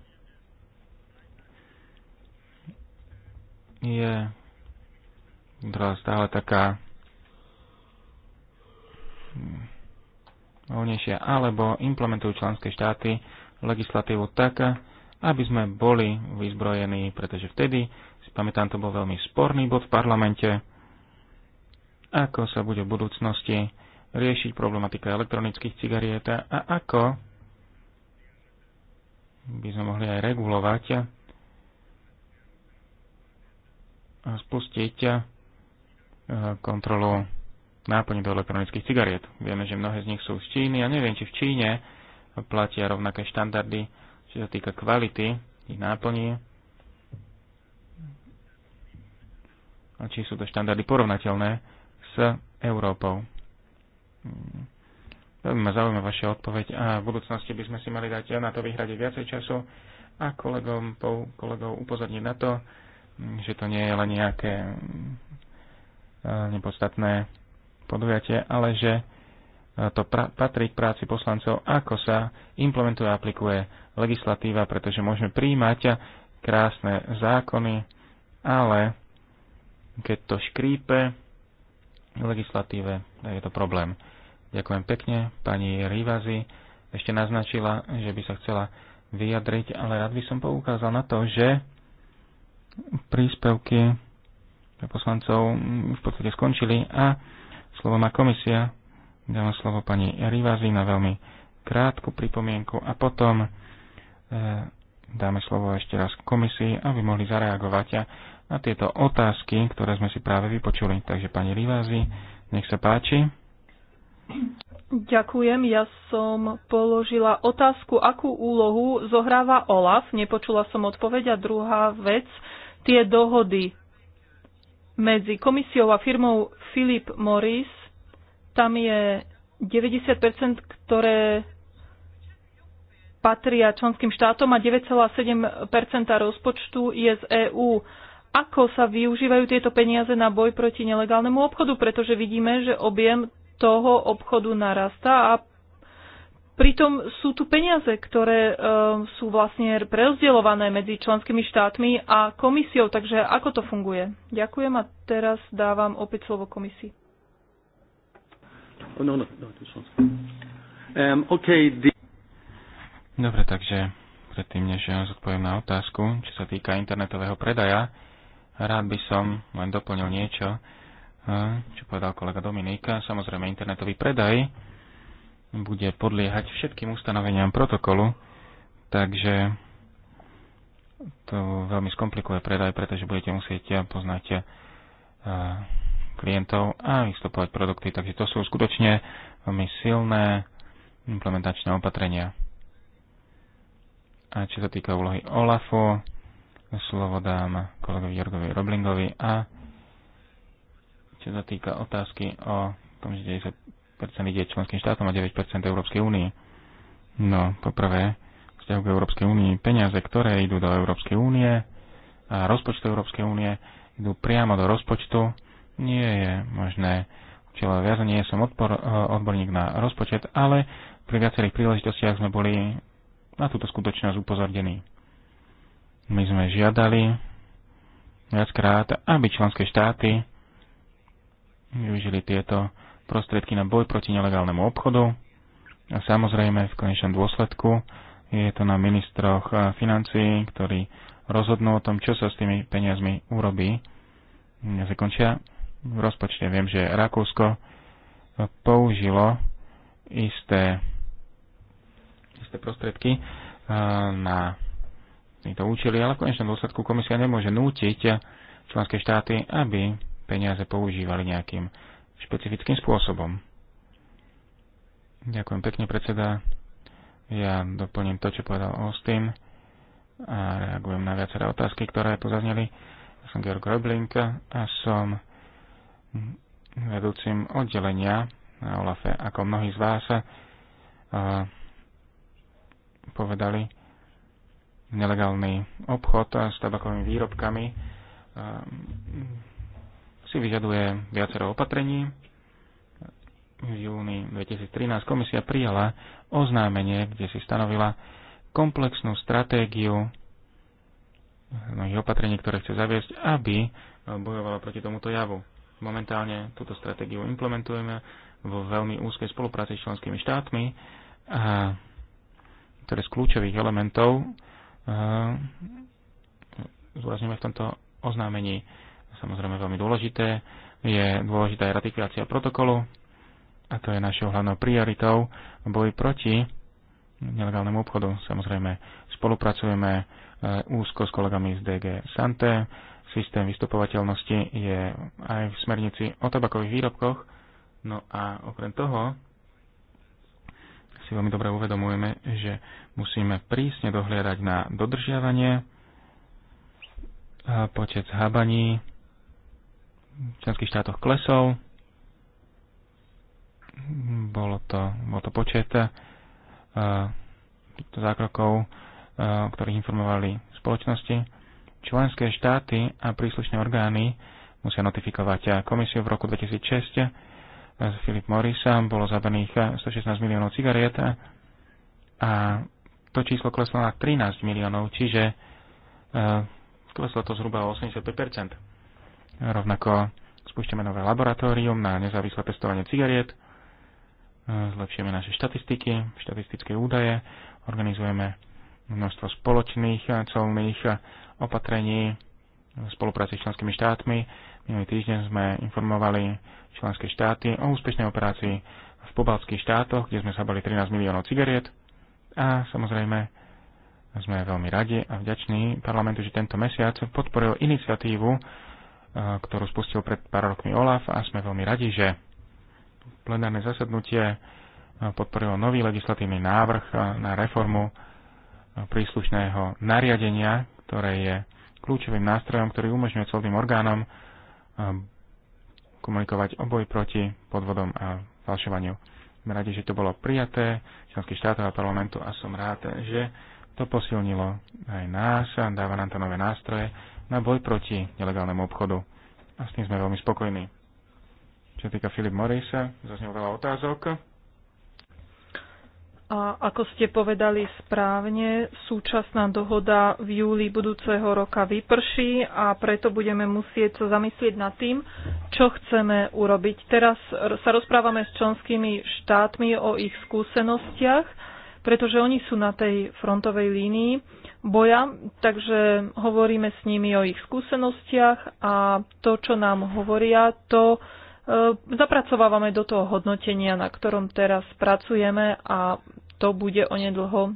je stále taká hm, voľnejšia, alebo implementujú členské štáty legislatívu tak, aby sme boli vyzbrojení, pretože vtedy, si pamätám, to bol veľmi sporný bod v parlamente, ako sa bude v budúcnosti riešiť problematika elektronických cigariet a ako by sme mohli aj regulovať spustiť eh, kontrolu náplň do elektronických cigariet. Vieme, že mnohé z nich sú z Číny. Ja neviem, či v Číne platia rovnaké štandardy, čo sa týka kvality ich náplní. A či sú to štandardy porovnateľné s Európou. Hmm. Veľmi ma zaujíma vaša odpoveď a v budúcnosti by sme si mali dať na to vyhradiť viacej času a kolegom, kolegov upozorniť na to, že to nie je len nejaké eh, nepodstatné podujatie, ale že eh, to patrí k práci poslancov, ako sa implementuje a aplikuje legislatíva, pretože môžeme príjmať krásne zákony, ale keď to škrípe v legislatíve, tak je to problém. Ďakujem pekne. Pani Rivazi ešte naznačila, že by sa chcela vyjadriť, ale rád by som poukázal na to, že príspevky poslancov v podstate skončili a slovo má komisia. Dávam slovo pani Rivazi na veľmi krátku pripomienku a potom e, dáme slovo ešte raz komisii, aby mohli zareagovať na tieto otázky, ktoré sme si práve vypočuli. Takže pani Rivazi, nech sa páči. Ďakujem. Ja som položila otázku, akú úlohu zohráva OLAF. Nepočula som odpoveď. A druhá vec, tie dohody medzi komisiou a firmou Philip Morris, tam je 90%, ktoré patria členským štátom a 9,7% rozpočtu je z EÚ. Ako sa využívajú tieto peniaze na boj proti nelegálnemu obchodu? Pretože vidíme, že objem toho obchodu narastá a Pritom sú tu peniaze, ktoré e, sú vlastne prerozdeľované medzi členskými štátmi a komisiou, takže ako to funguje? Ďakujem a teraz dávam opäť slovo komisii. Oh, no, no, no, um, okay, the... Dobre, takže predtým, než ja zodpoviem na otázku, čo sa týka internetového predaja, rád by som len doplnil niečo, e, čo povedal kolega Dominika. Samozrejme, internetový predaj bude podliehať všetkým ustanoveniam protokolu, takže to veľmi skomplikuje predaj, pretože budete musieť poznať eh, klientov a vystupovať produkty. Takže to sú skutočne veľmi silné implementačné opatrenia. A čo sa týka úlohy OLAFu, slovo dám kolegovi Jorgovi Roblingovi a čo sa týka otázky o tom, že sa ide členským štátom a 9% Európskej únii. No, poprvé, vzťahu k Európskej únii, peniaze, ktoré idú do Európskej únie a rozpočtu Európskej únie, idú priamo do rozpočtu. Nie je možné účelové viazanie. Som odpor, eh, odborník na rozpočet, ale pri viacerých príležitostiach sme boli na túto skutočnosť upozornení. My sme žiadali viackrát, aby členské štáty využili tieto prostriedky na boj proti nelegálnemu obchodu. A samozrejme, v konečnom dôsledku je to na ministroch eh, financií, ktorí rozhodnú o tom, čo sa s tými peniazmi urobí. Nezakončia v rozpočte. Viem, že Rakúsko eh, použilo isté, isté prostriedky eh, na tieto účely, ale v konečnom dôsledku komisia nemôže nútiť členské štáty, aby peniaze používali nejakým špecifickým spôsobom. Ďakujem pekne, predseda. Ja doplním to, čo povedal Austin a reagujem na viaceré otázky, ktoré pozazneli. Ja som Georg Röbling a som vedúcim oddelenia na Olafe, ako mnohí z vás povedali, nelegálny obchod s tabakovými výrobkami si vyžaduje viacero opatrení. V júni 2013 komisia prijala oznámenie, kde si stanovila komplexnú stratégiu mnohých opatrení, ktoré chce zaviesť, aby bojovala proti tomuto javu. Momentálne túto stratégiu implementujeme vo veľmi úzkej spolupráci s členskými štátmi, a, ktoré z kľúčových elementov eh, zúrazníme v tomto oznámení samozrejme veľmi dôležité. Je dôležitá aj ratifikácia protokolu a to je našou hlavnou prioritou boj proti nelegálnemu obchodu. Samozrejme spolupracujeme e, úzko s kolegami z DG Santé. Systém vystupovateľnosti je aj v smernici o tabakových výrobkoch. No a okrem toho si veľmi dobre uvedomujeme, že musíme prísne dohliadať na dodržiavanie, počet zhábaní členských štátoch klesol. Bolo to, bol to počet uh, zákrokov, uh, ktorých informovali spoločnosti. Členské štáty a príslušné orgány musia notifikovať eh, komisiu. V roku 2006 z Filip Morris bolo zabených 116 miliónov cigariet a to číslo kleslo na 13 miliónov, čiže uh, kleslo to zhruba o 85 Rovnako spúšťame nové laboratórium na nezávislé pestovanie cigariet, zlepšujeme naše štatistiky, štatistické údaje, organizujeme množstvo spoločných colných opatrení v spolupráci s členskými štátmi. Minulý týždeň sme informovali členské štáty o úspešnej operácii v Pobalských štátoch, kde sme zabali 13 miliónov cigariet. A samozrejme sme veľmi radi a vďační parlamentu, že tento mesiac podporil iniciatívu ktorú spustil pred pár rokmi OLAF a sme veľmi radi, že plenárne zasadnutie podporilo nový legislatívny návrh na reformu príslušného nariadenia, ktoré je kľúčovým nástrojom, ktorý umožňuje celým orgánom komunikovať oboj proti podvodom a falšovaniu. Som radi, že to bolo prijaté členských štátov a parlamentu a som rád, že to posilnilo aj nás a dáva nám to nové nástroje, na boj proti nelegálnemu obchodu. A s tým sme veľmi spokojní. Čo sa týka Filip Morisa, zaznel veľa otázok. A ako ste povedali správne, súčasná dohoda v júli budúceho roka vyprší a preto budeme musieť sa zamyslieť nad tým, čo chceme urobiť. Teraz sa rozprávame s členskými štátmi o ich skúsenostiach, pretože oni sú na tej frontovej línii boja, takže hovoríme s nimi o ich skúsenostiach a to, čo nám hovoria, to e, zapracovávame do toho hodnotenia, na ktorom teraz pracujeme a to bude onedlho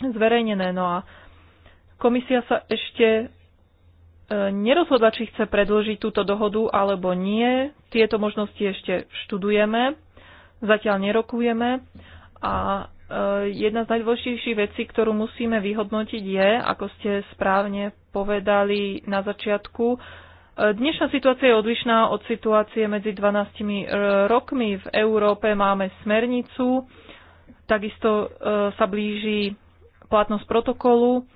zverejnené. No a komisia sa ešte e, nerozhodla, či chce predložiť túto dohodu alebo nie. Tieto možnosti ešte študujeme, zatiaľ nerokujeme a Eh, jedna z najdôležitejších vecí, ktorú musíme vyhodnotiť je, ako ste správne povedali na začiatku, eh, Dnešná situácia je odlišná od situácie medzi 12 eh, rokmi. V Európe máme smernicu, takisto sa blíži platnosť protokolu.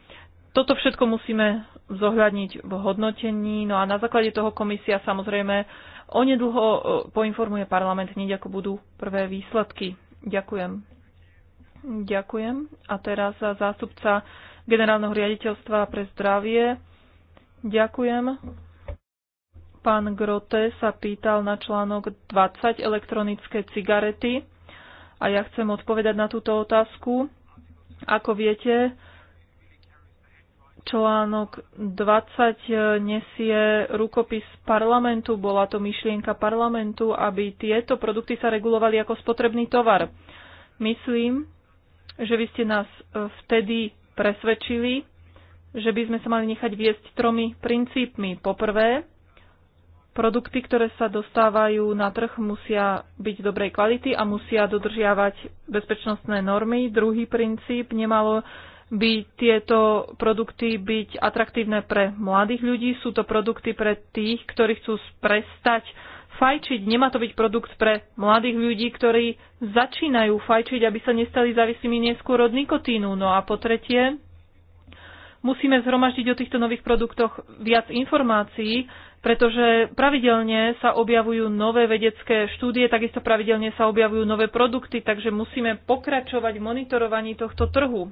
Toto všetko musíme zohľadniť v hodnotení. No a na základe toho komisia samozrejme onedlho poinformuje parlament hneď, ako budú prvé výsledky. Ďakujem. Ďakujem. A teraz zástupca generálneho riaditeľstva pre zdravie. Ďakujem. Pán Grote sa pýtal na článok 20 elektronické cigarety a ja chcem odpovedať na túto otázku. Ako viete, článok 20 nesie rukopis parlamentu. Bola to myšlienka parlamentu, aby tieto produkty sa regulovali ako spotrebný tovar. Myslím, že vy ste nás e, vtedy presvedčili, že by sme sa mali nechať viesť tromi princípmi. Poprvé, produkty, ktoré sa dostávajú na trh, musia byť dobrej kvality a musia dodržiavať bezpečnostné normy. Druhý princíp, nemalo by tieto produkty byť atraktívne pre mladých ľudí. Sú to produkty pre tých, ktorí chcú prestať fajčiť. Nemá to byť produkt pre mladých ľudí, ktorí začínajú fajčiť, aby sa nestali závislými neskôr od nikotínu. No a po tretie, musíme zhromaždiť o týchto nových produktoch viac informácií, pretože pravidelne sa objavujú nové vedecké štúdie, takisto pravidelne sa objavujú nové produkty, takže musíme pokračovať v monitorovaní tohto trhu.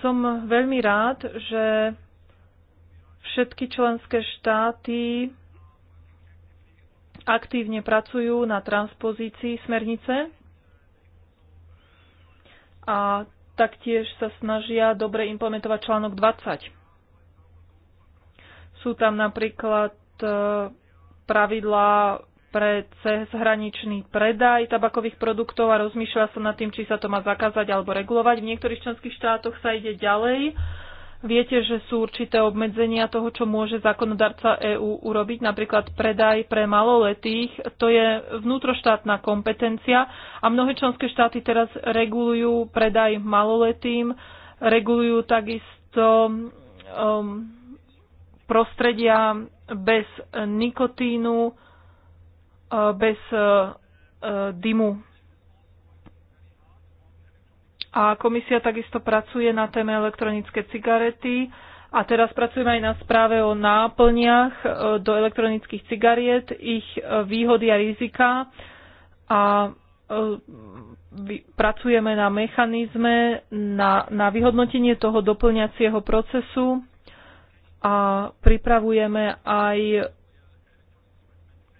Som veľmi rád, že všetky členské štáty aktívne pracujú na transpozícii smernice a taktiež sa snažia dobre implementovať článok 20. Sú tam napríklad e, pravidlá pre cezhraničný predaj tabakových produktov a rozmýšľa sa nad tým, či sa to má zakázať alebo regulovať. V niektorých členských štátoch sa ide ďalej Viete, že sú určité obmedzenia toho, čo môže zákonodarca EÚ urobiť, napríklad predaj pre maloletých. To je vnútroštátna kompetencia a mnohé členské štáty teraz regulujú predaj maloletým, regulujú takisto um, prostredia bez nikotínu, uh, bez uh, uh, dymu. A komisia takisto pracuje na téme elektronické cigarety. A teraz pracujeme aj na správe o náplniach e, do elektronických cigariet, ich e, výhody a rizika. A e, pracujeme na mechanizme, na, na vyhodnotenie toho doplňacieho procesu a pripravujeme aj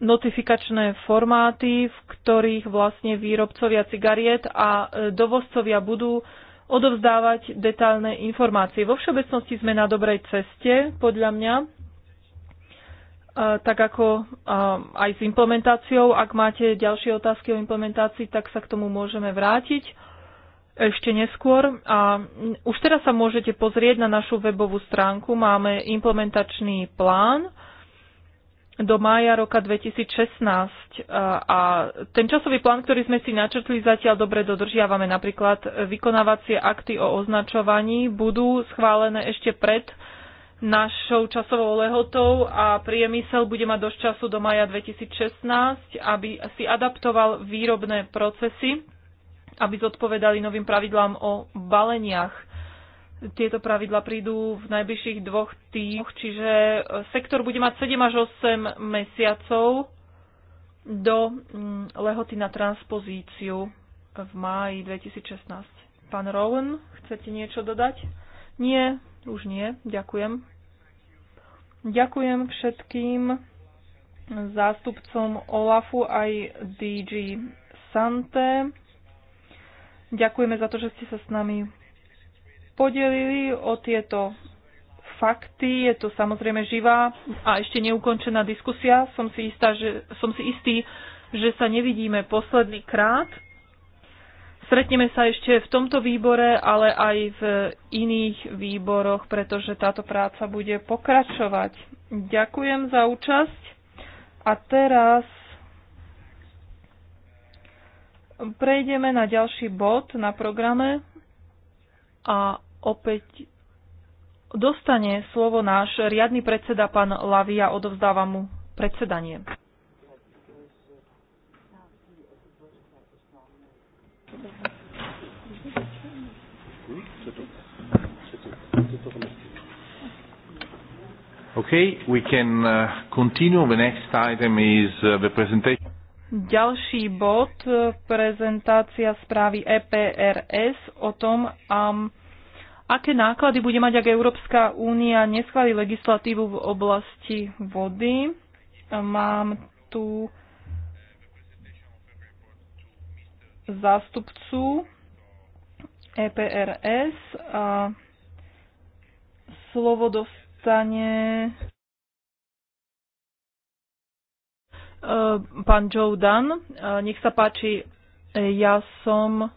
notifikačné formáty, v ktorých vlastne výrobcovia cigariet a e, dovozcovia budú odovzdávať detailné informácie. Vo všeobecnosti sme na dobrej ceste, podľa mňa, e, tak ako e, aj s implementáciou. Ak máte ďalšie otázky o implementácii, tak sa k tomu môžeme vrátiť ešte neskôr. A už teraz sa môžete pozrieť na našu webovú stránku. Máme implementačný plán, do mája roka 2016 a ten časový plán, ktorý sme si načrtli, zatiaľ dobre dodržiavame. Napríklad vykonávacie akty o označovaní budú schválené ešte pred našou časovou lehotou a priemysel bude mať dosť času do maja 2016, aby si adaptoval výrobné procesy, aby zodpovedali novým pravidlám o baleniach tieto pravidla prídu v najbližších dvoch týždňoch, čiže e, sektor bude mať 7 až 8 mesiacov do mm, lehoty na transpozíciu v máji 2016. Pán Rowan, chcete niečo dodať? Nie, už nie, ďakujem. Ďakujem všetkým zástupcom OLAFu aj DG Sante. Ďakujeme za to, že ste sa s nami podelili o tieto fakty. Je to samozrejme živá a ešte neukončená diskusia. Som si, istá, že, som si istý, že sa nevidíme posledný krát. Stretneme sa ešte v tomto výbore, ale aj v iných výboroch, pretože táto práca bude pokračovať. Ďakujem za účasť a teraz prejdeme na ďalší bod na programe a opäť dostane slovo náš riadny predseda pán Lavia, odovzdáva mu predsedanie. Okay, we can uh, continue. The next item is uh, the presentation. Ďalší bod, prezentácia správy EPRS o tom, um, aké náklady bude mať, ak Európska únia neschválí legislatívu v oblasti vody. Mám tu zástupcu EPRS a slovo dostane e, pán Joe Dunn. E, nech sa páči, e, ja som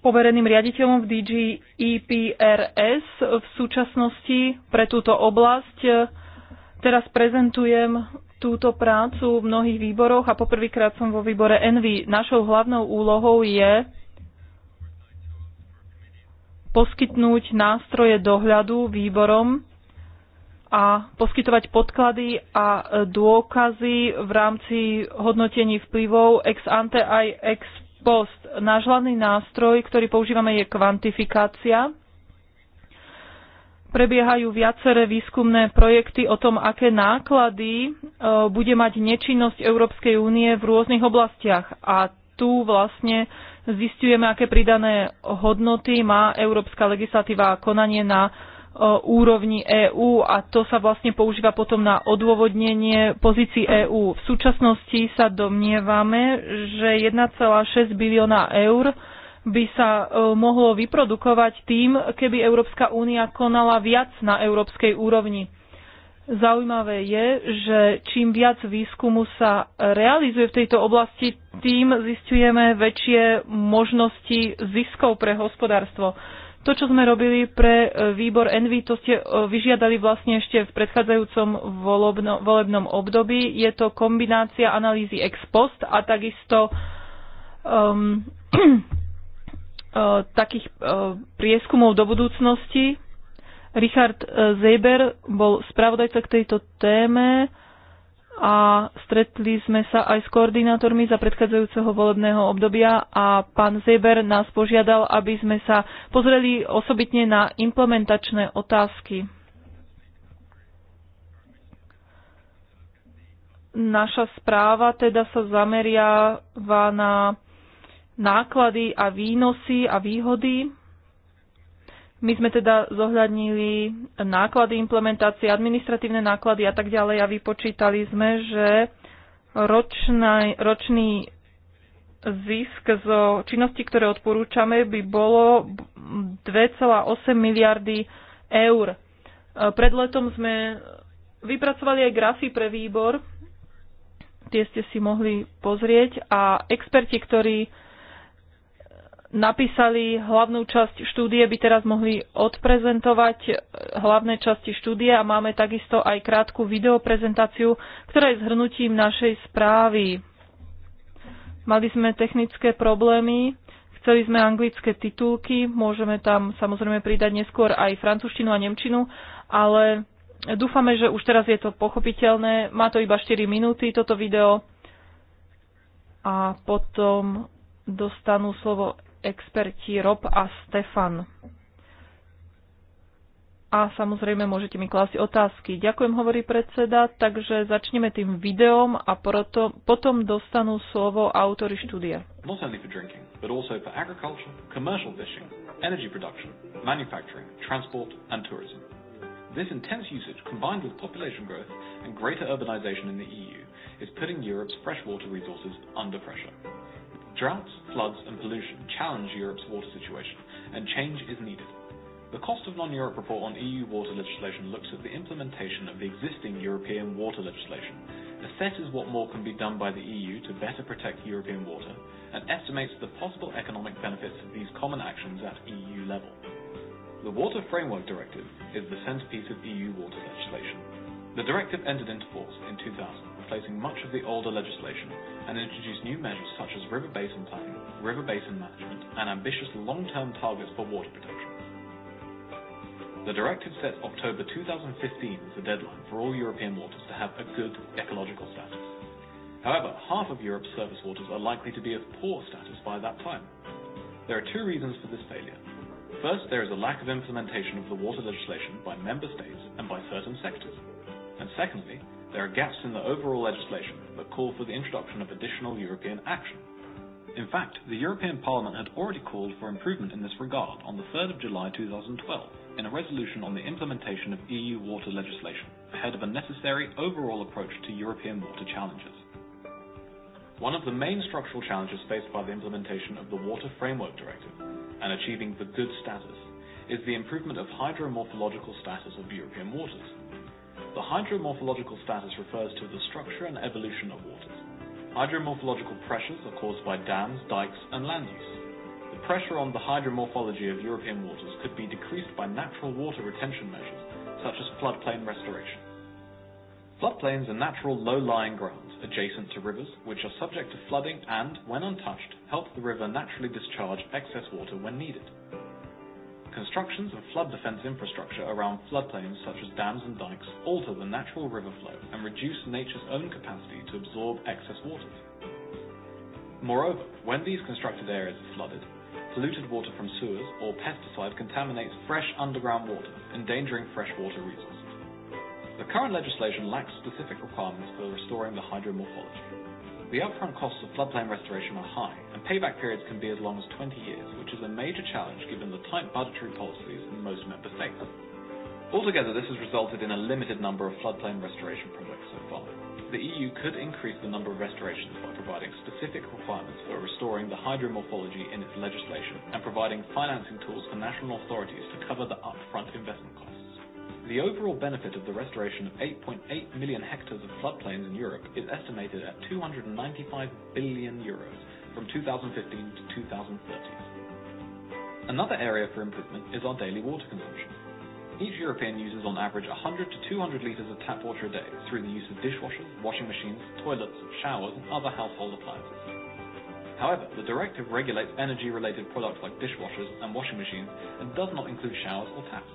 povereným riaditeľom v DG EPRS v súčasnosti pre túto oblasť. Teraz prezentujem túto prácu v mnohých výboroch a poprvýkrát som vo výbore Envy. Našou hlavnou úlohou je poskytnúť nástroje dohľadu výborom a poskytovať podklady a dôkazy v rámci hodnotení vplyvov ex ante aj ex post. Náš hlavný nástroj, ktorý používame, je kvantifikácia. Prebiehajú viaceré výskumné projekty o tom, aké náklady e, bude mať nečinnosť Európskej únie v rôznych oblastiach. A tu vlastne zistujeme, aké pridané hodnoty má európska legislatíva a konanie na úrovni EÚ a to sa vlastne používa potom na odôvodnenie pozícií EÚ. V súčasnosti sa domnievame, že 1,6 bilióna eur by sa e, mohlo vyprodukovať tým, keby Európska únia konala viac na európskej úrovni. Zaujímavé je, že čím viac výskumu sa realizuje v tejto oblasti, tým zistujeme väčšie možnosti ziskov pre hospodárstvo. To, čo sme robili pre e, výbor Envy, to ste e, vyžiadali vlastne ešte v predchádzajúcom volobno, volebnom období. Je to kombinácia analýzy ex post a takisto um, e, takých uh, prieskumov do budúcnosti. Richard Zeber bol spravodajca k tejto téme a stretli sme sa aj s koordinátormi za predchádzajúceho volebného obdobia a pán Zeber nás požiadal, aby sme sa pozreli osobitne na implementačné otázky. Naša správa teda sa zameriava na náklady a výnosy a výhody my sme teda zohľadnili náklady implementácie, administratívne náklady a tak ďalej a vypočítali sme, že ročná, ročný zisk zo činnosti, ktoré odporúčame, by bolo 2,8 miliardy eur. E, pred letom sme vypracovali aj grafy pre výbor, tie ste si mohli pozrieť a experti, ktorí napísali hlavnú časť štúdie, by teraz mohli odprezentovať eh, hlavné časti štúdie a máme takisto aj krátku videoprezentáciu, ktorá je zhrnutím našej správy. Mali sme technické problémy, chceli sme anglické titulky, môžeme tam samozrejme pridať neskôr aj francúzštinu a nemčinu, ale dúfame, že už teraz je to pochopiteľné. Má to iba 4 minúty toto video a potom dostanú slovo experti Rob a Stefan. A samozrejme môžete mi klásť otázky. Ďakujem, hovorí predseda, takže začneme tým videom a proto, potom dostanú slovo autory štúdia. Not only for drinking, but also for agriculture, commercial fishing, energy production, manufacturing, transport and tourism. This intense usage, combined with population growth and greater urbanization in the EU, is putting Europe's freshwater resources under pressure. Droughts, floods, and pollution challenge Europe's water situation, and change is needed. The Cost of Non-Europe report on EU water legislation looks at the implementation of the existing European water legislation, assesses what more can be done by the EU to better protect European water, and estimates the possible economic benefits of these common actions at EU level. The Water Framework Directive is the centerpiece of EU water legislation. The directive entered into force in 2000 replacing much of the older legislation and introduce new measures such as river basin planning, river basin management, and ambitious long-term targets for water protection. The directive sets October 2015 as the deadline for all European waters to have a good ecological status. However, half of Europe's surface waters are likely to be of poor status by that time. There are two reasons for this failure. First, there is a lack of implementation of the water legislation by member states and by certain sectors. And secondly, There are gaps in the overall legislation that call for the introduction of additional European action. In fact, the European Parliament had already called for improvement in this regard on the 3rd of July 2012 in a resolution on the implementation of EU water legislation ahead of a necessary overall approach to European water challenges. One of the main structural challenges faced by the implementation of the Water Framework Directive and achieving the good status is the improvement of hydromorphological status of European waters. The hydromorphological status refers to the structure and evolution of waters. Hydromorphological pressures are caused by dams, dikes, and land use. The pressure on the hydromorphology of European waters could be decreased by natural water retention measures, such as floodplain restoration. Floodplains are natural low-lying grounds adjacent to rivers, which are subject to flooding and, when untouched, help the river naturally discharge excess water when needed. Constructions of flood defense infrastructure around floodplains such as dams and dikes alter the natural river flow and reduce nature's own capacity to absorb excess waters. Moreover, when these constructed areas are flooded, polluted water from sewers or pesticide contaminates fresh underground water, endangering freshwater resources. The current legislation lacks specific requirements for restoring the hydromorphology. The upfront costs of floodplain restoration are high, and payback periods can be as long as 20 years, which is a major challenge given the tight budgetary policies in most member states. Altogether, this has resulted in a limited number of floodplain restoration projects so far. The EU could increase the number of restorations by providing specific requirements for restoring the hydromorphology in its legislation and providing financing tools for national authorities to cover the upfront investment costs. The overall benefit of the restoration of 8.8 million hectares of floodplains in Europe is estimated at 295 billion euros from 2015 to 2030. Another area for improvement is our daily water consumption. Each European uses on average 100 to 200 litres of tap water a day through the use of dishwashers, washing machines, toilets, showers, and other household appliances. However, the directive regulates energy-related products like dishwashers and washing machines and does not include showers or taps.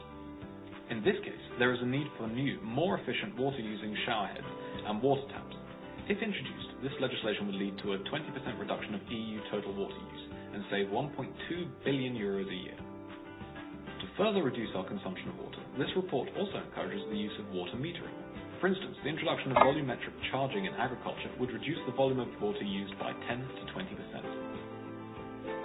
In this case, there is a need for new, more efficient water-using showerheads and water taps. If introduced, this legislation would lead to a 20% reduction of EU total water use and save 1.2 billion euros a year. To further reduce our consumption of water, this report also encourages the use of water metering. For instance, the introduction of volumetric charging in agriculture would reduce the volume of water used by 10 to 20%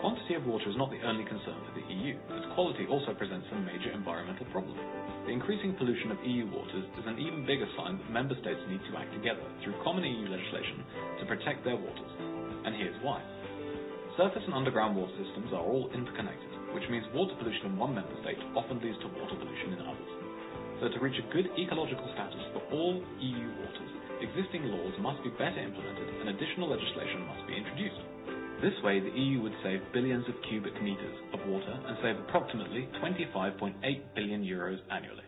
quantity of water is not the only concern for the EU, as quality also presents some major environmental problems. The increasing pollution of EU waters is an even bigger sign that member states need to act together through common EU legislation to protect their waters. And here's why. Surface and underground water systems are all interconnected, which means water pollution in one member state often leads to water pollution in others. So to reach a good ecological status for all EU waters, existing laws must be better implemented and additional legislation must be introduced. This way, the EU would save billions of cubic meters of water and save approximately 25.8 billion euros annually.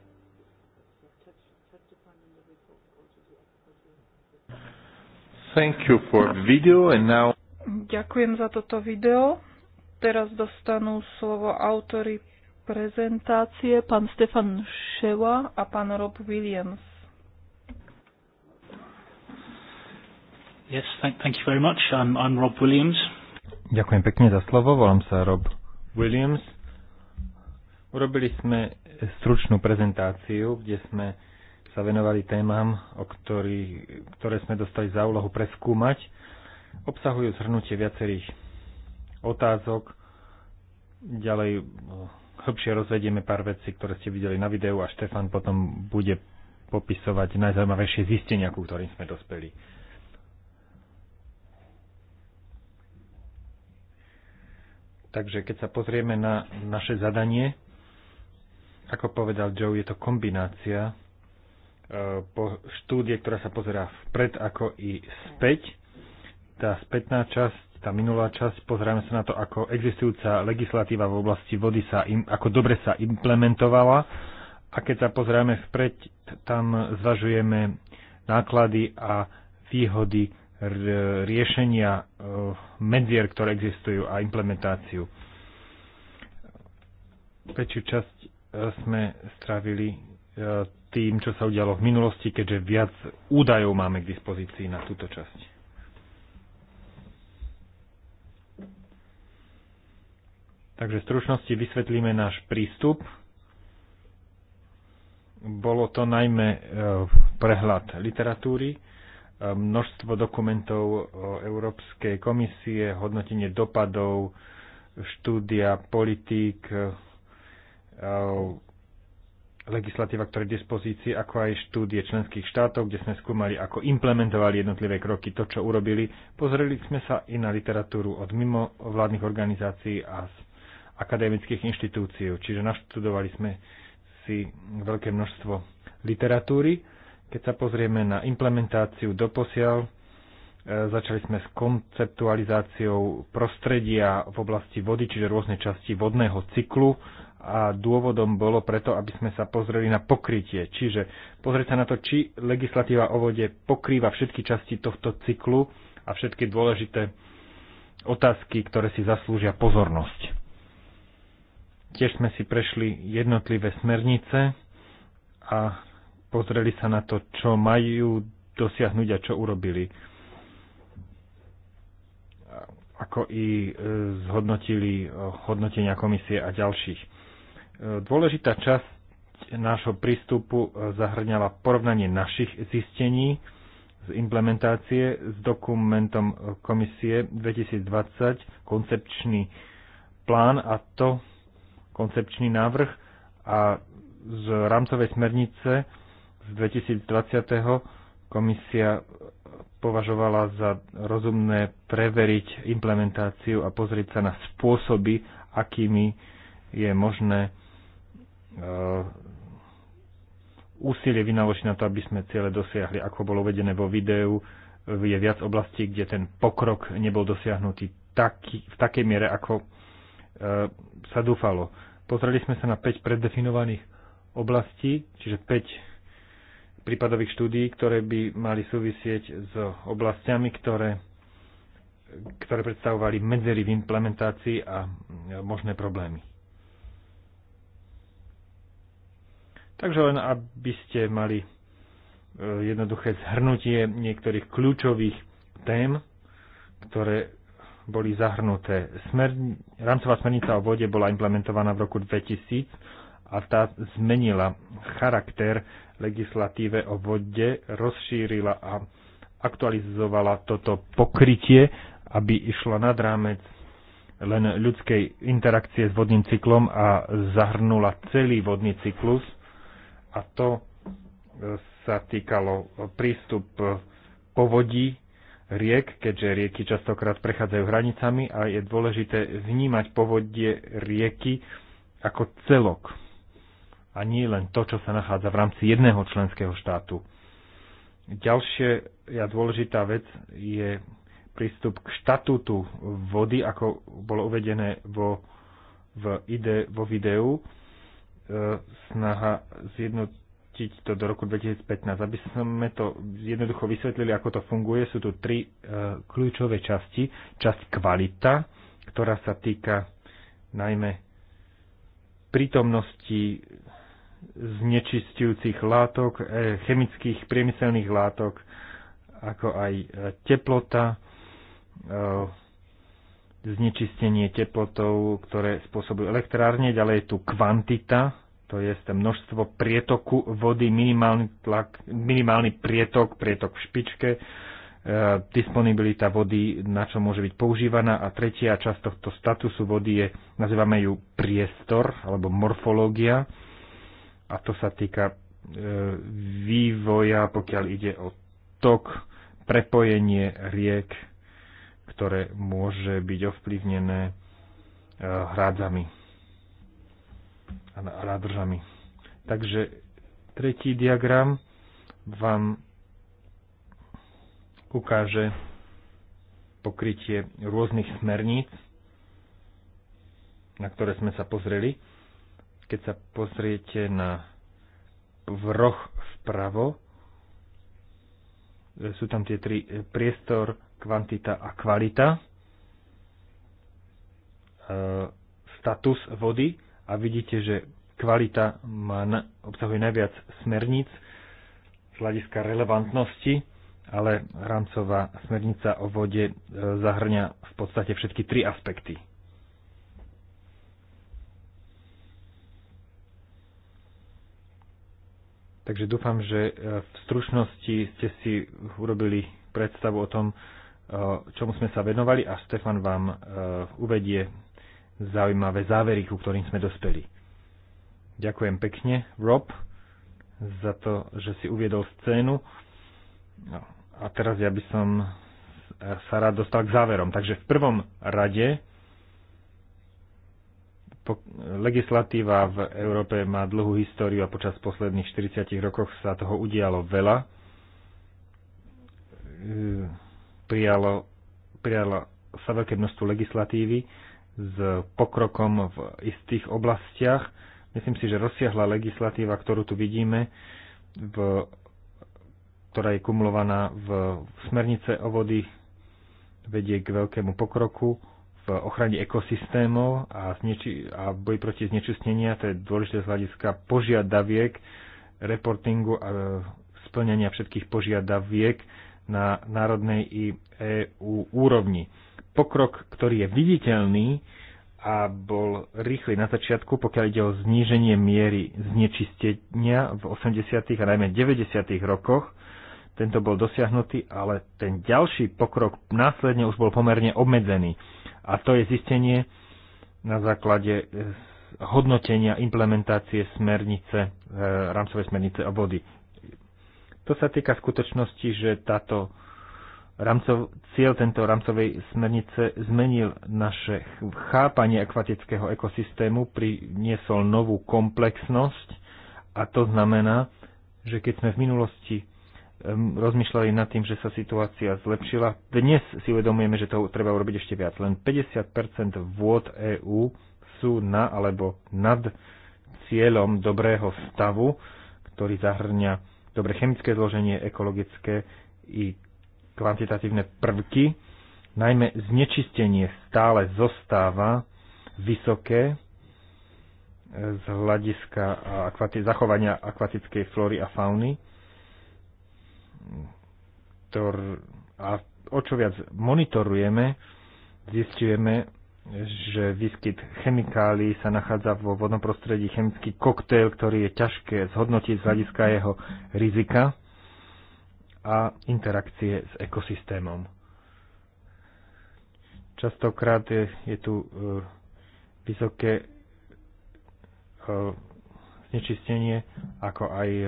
Thank you for video and now... Ďakujem za toto video. Teraz dostanú slovo autory prezentácie, pán Stefan Šewa a pán Rob Williams. Yes, thank, thank you very much. I'm, I'm Rob Williams. Ďakujem pekne za slovo, volám sa Rob Williams. Urobili sme stručnú prezentáciu, kde sme sa venovali témam, o ktorý, ktoré sme dostali za úlohu preskúmať. Obsahujú zhrnutie viacerých otázok. Ďalej no, hĺbšie rozvedieme pár vecí, ktoré ste videli na videu a Štefan potom bude popisovať najzaujímavejšie zistenia, ku ktorým sme dospeli. Takže keď sa pozrieme na naše zadanie, ako povedal Joe, je to kombinácia e, po štúdie, ktorá sa pozerá vpred ako i späť. Tá spätná časť, tá minulá časť, pozrieme sa na to, ako existujúca legislatíva v oblasti vody sa, im, ako dobre sa implementovala. A keď sa pozrieme vpred, tam zvažujeme náklady a výhody riešenia e, medzier, ktoré existujú a implementáciu. Väčšiu časť e, sme strávili e, tým, čo sa udialo v minulosti, keďže viac údajov máme k dispozícii na túto časť. Takže v stručnosti vysvetlíme náš prístup. Bolo to najmä prehľad literatúry, množstvo dokumentov Európskej komisie, hodnotenie dopadov, štúdia politík, e, legislatíva, ktorá je v dispozícii, ako aj štúdie členských štátov, kde sme skúmali, ako implementovali jednotlivé kroky, to, čo urobili. Pozreli sme sa i na literatúru od mimovládnych organizácií a z akademických inštitúcií, čiže naštudovali sme si veľké množstvo literatúry keď sa pozrieme na implementáciu doposiaľ, e, začali sme s konceptualizáciou prostredia v oblasti vody, čiže rôzne časti vodného cyklu a dôvodom bolo preto, aby sme sa pozreli na pokrytie. Čiže pozrieť sa na to, či legislatíva o vode pokrýva všetky časti tohto cyklu a všetky dôležité otázky, ktoré si zaslúžia pozornosť. Tiež sme si prešli jednotlivé smernice a pozreli sa na to, čo majú dosiahnuť a čo urobili. Ako i e, zhodnotili e, hodnotenia komisie a ďalších. E, dôležitá časť nášho prístupu zahrňala porovnanie našich zistení z implementácie s dokumentom komisie 2020 koncepčný plán a to koncepčný návrh a z rámcovej smernice z 2020. komisia považovala za rozumné preveriť implementáciu a pozrieť sa na spôsoby, akými je možné e, úsilie vynaložiť na to, aby sme ciele dosiahli. Ako bolo uvedené vo videu, je viac oblastí, kde ten pokrok nebol dosiahnutý taký, v takej miere, ako e, sa dúfalo. Pozreli sme sa na 5 predefinovaných oblastí, čiže 5 prípadových štúdií, ktoré by mali súvisieť s oblastiami, ktoré, ktoré predstavovali medzery v implementácii a možné problémy. Takže len aby ste mali e, jednoduché zhrnutie niektorých kľúčových tém, ktoré boli zahrnuté. Smer, rámcová smernica o vode bola implementovaná v roku 2000 a tá zmenila charakter legislatíve o vode, rozšírila a aktualizovala toto pokrytie, aby išlo nad rámec len ľudskej interakcie s vodným cyklom a zahrnula celý vodný cyklus a to e, sa týkalo prístup e, povodí riek, keďže rieky častokrát prechádzajú hranicami a je dôležité vnímať povodie rieky ako celok a nie len to, čo sa nachádza v rámci jedného členského štátu. Ďalšia dôležitá vec je prístup k štatútu vody, ako bolo uvedené vo, v ide, vo videu. E, snaha zjednotiť to do roku 2015. Aby sme to jednoducho vysvetlili, ako to funguje, sú tu tri e, kľúčové časti. Časť kvalita, ktorá sa týka najmä prítomnosti znečistujúcich látok, e, chemických priemyselných látok, ako aj e, teplota, e, znečistenie teplotou, ktoré spôsobujú elektrárne, ďalej je tu kvantita, to je množstvo prietoku vody, minimálny, tlak, minimálny prietok, prietok v špičke, disponibilita vody, na čo môže byť používaná a tretia časť tohto statusu vody je, nazývame ju priestor alebo morfológia, a to sa týka e, vývoja, pokiaľ ide o tok, prepojenie riek, ktoré môže byť ovplyvnené e, hrádzami a nádržami. Takže tretí diagram vám ukáže pokrytie rôznych smerníc, na ktoré sme sa pozreli keď sa pozriete na vroch vpravo, e, sú tam tie tri e, priestor, kvantita a kvalita, e, status vody a vidíte, že kvalita má, obsahuje najviac smerníc z hľadiska relevantnosti, ale rámcová smernica o vode zahrňa v podstate všetky tri aspekty Takže dúfam, že e, v stručnosti ste si urobili predstavu o tom, e, čomu sme sa venovali a Stefan vám e, uvedie zaujímavé závery, ku ktorým sme dospeli. Ďakujem pekne, Rob, za to, že si uviedol scénu. No, a teraz ja by som sa rád dostal k záverom. Takže v prvom rade legislatíva v Európe má dlhú históriu a počas posledných 40 rokov sa toho udialo veľa. E, prijalo, prijalo sa veľké množstvo legislatívy s pokrokom v istých oblastiach. Myslím si, že rozsiahla legislatíva, ktorú tu vidíme, v, ktorá je kumulovaná v smernice o vody, vedie k veľkému pokroku v ochrane ekosystémov a, zneči- a boj proti znečistenia, to je dôležité z hľadiska požiadaviek, reportingu a e, splnenia všetkých požiadaviek na národnej i EU úrovni. Pokrok, ktorý je viditeľný a bol rýchly na začiatku, pokiaľ ide o zníženie miery znečistenia v 80. a najmä 90. rokoch, tento bol dosiahnutý, ale ten ďalší pokrok následne už bol pomerne obmedzený. A to je zistenie na základe eh, hodnotenia implementácie smernice, eh, rámcovej smernice o vody. To sa týka skutočnosti, že táto rámcov, cieľ tento rámcovej smernice zmenil naše chápanie akvatického ekosystému, priniesol novú komplexnosť a to znamená, že keď sme v minulosti rozmýšľali nad tým, že sa situácia zlepšila. Dnes si uvedomujeme, že to treba urobiť ešte viac. Len 50 vôd EÚ sú na alebo nad cieľom dobrého stavu, ktorý zahrňa dobre chemické zloženie, ekologické i kvantitatívne prvky. Najmä znečistenie stále zostáva vysoké e, z hľadiska akvati- zachovania akvatickej flóry a fauny ktor, a o čo viac monitorujeme, zistujeme, že výskyt chemikálií sa nachádza vo vodnom prostredí chemický koktail, ktorý je ťažké zhodnotiť z hľadiska jeho rizika a interakcie s ekosystémom. Častokrát je, je tu e, vysoké e, znečistenie, ako aj e,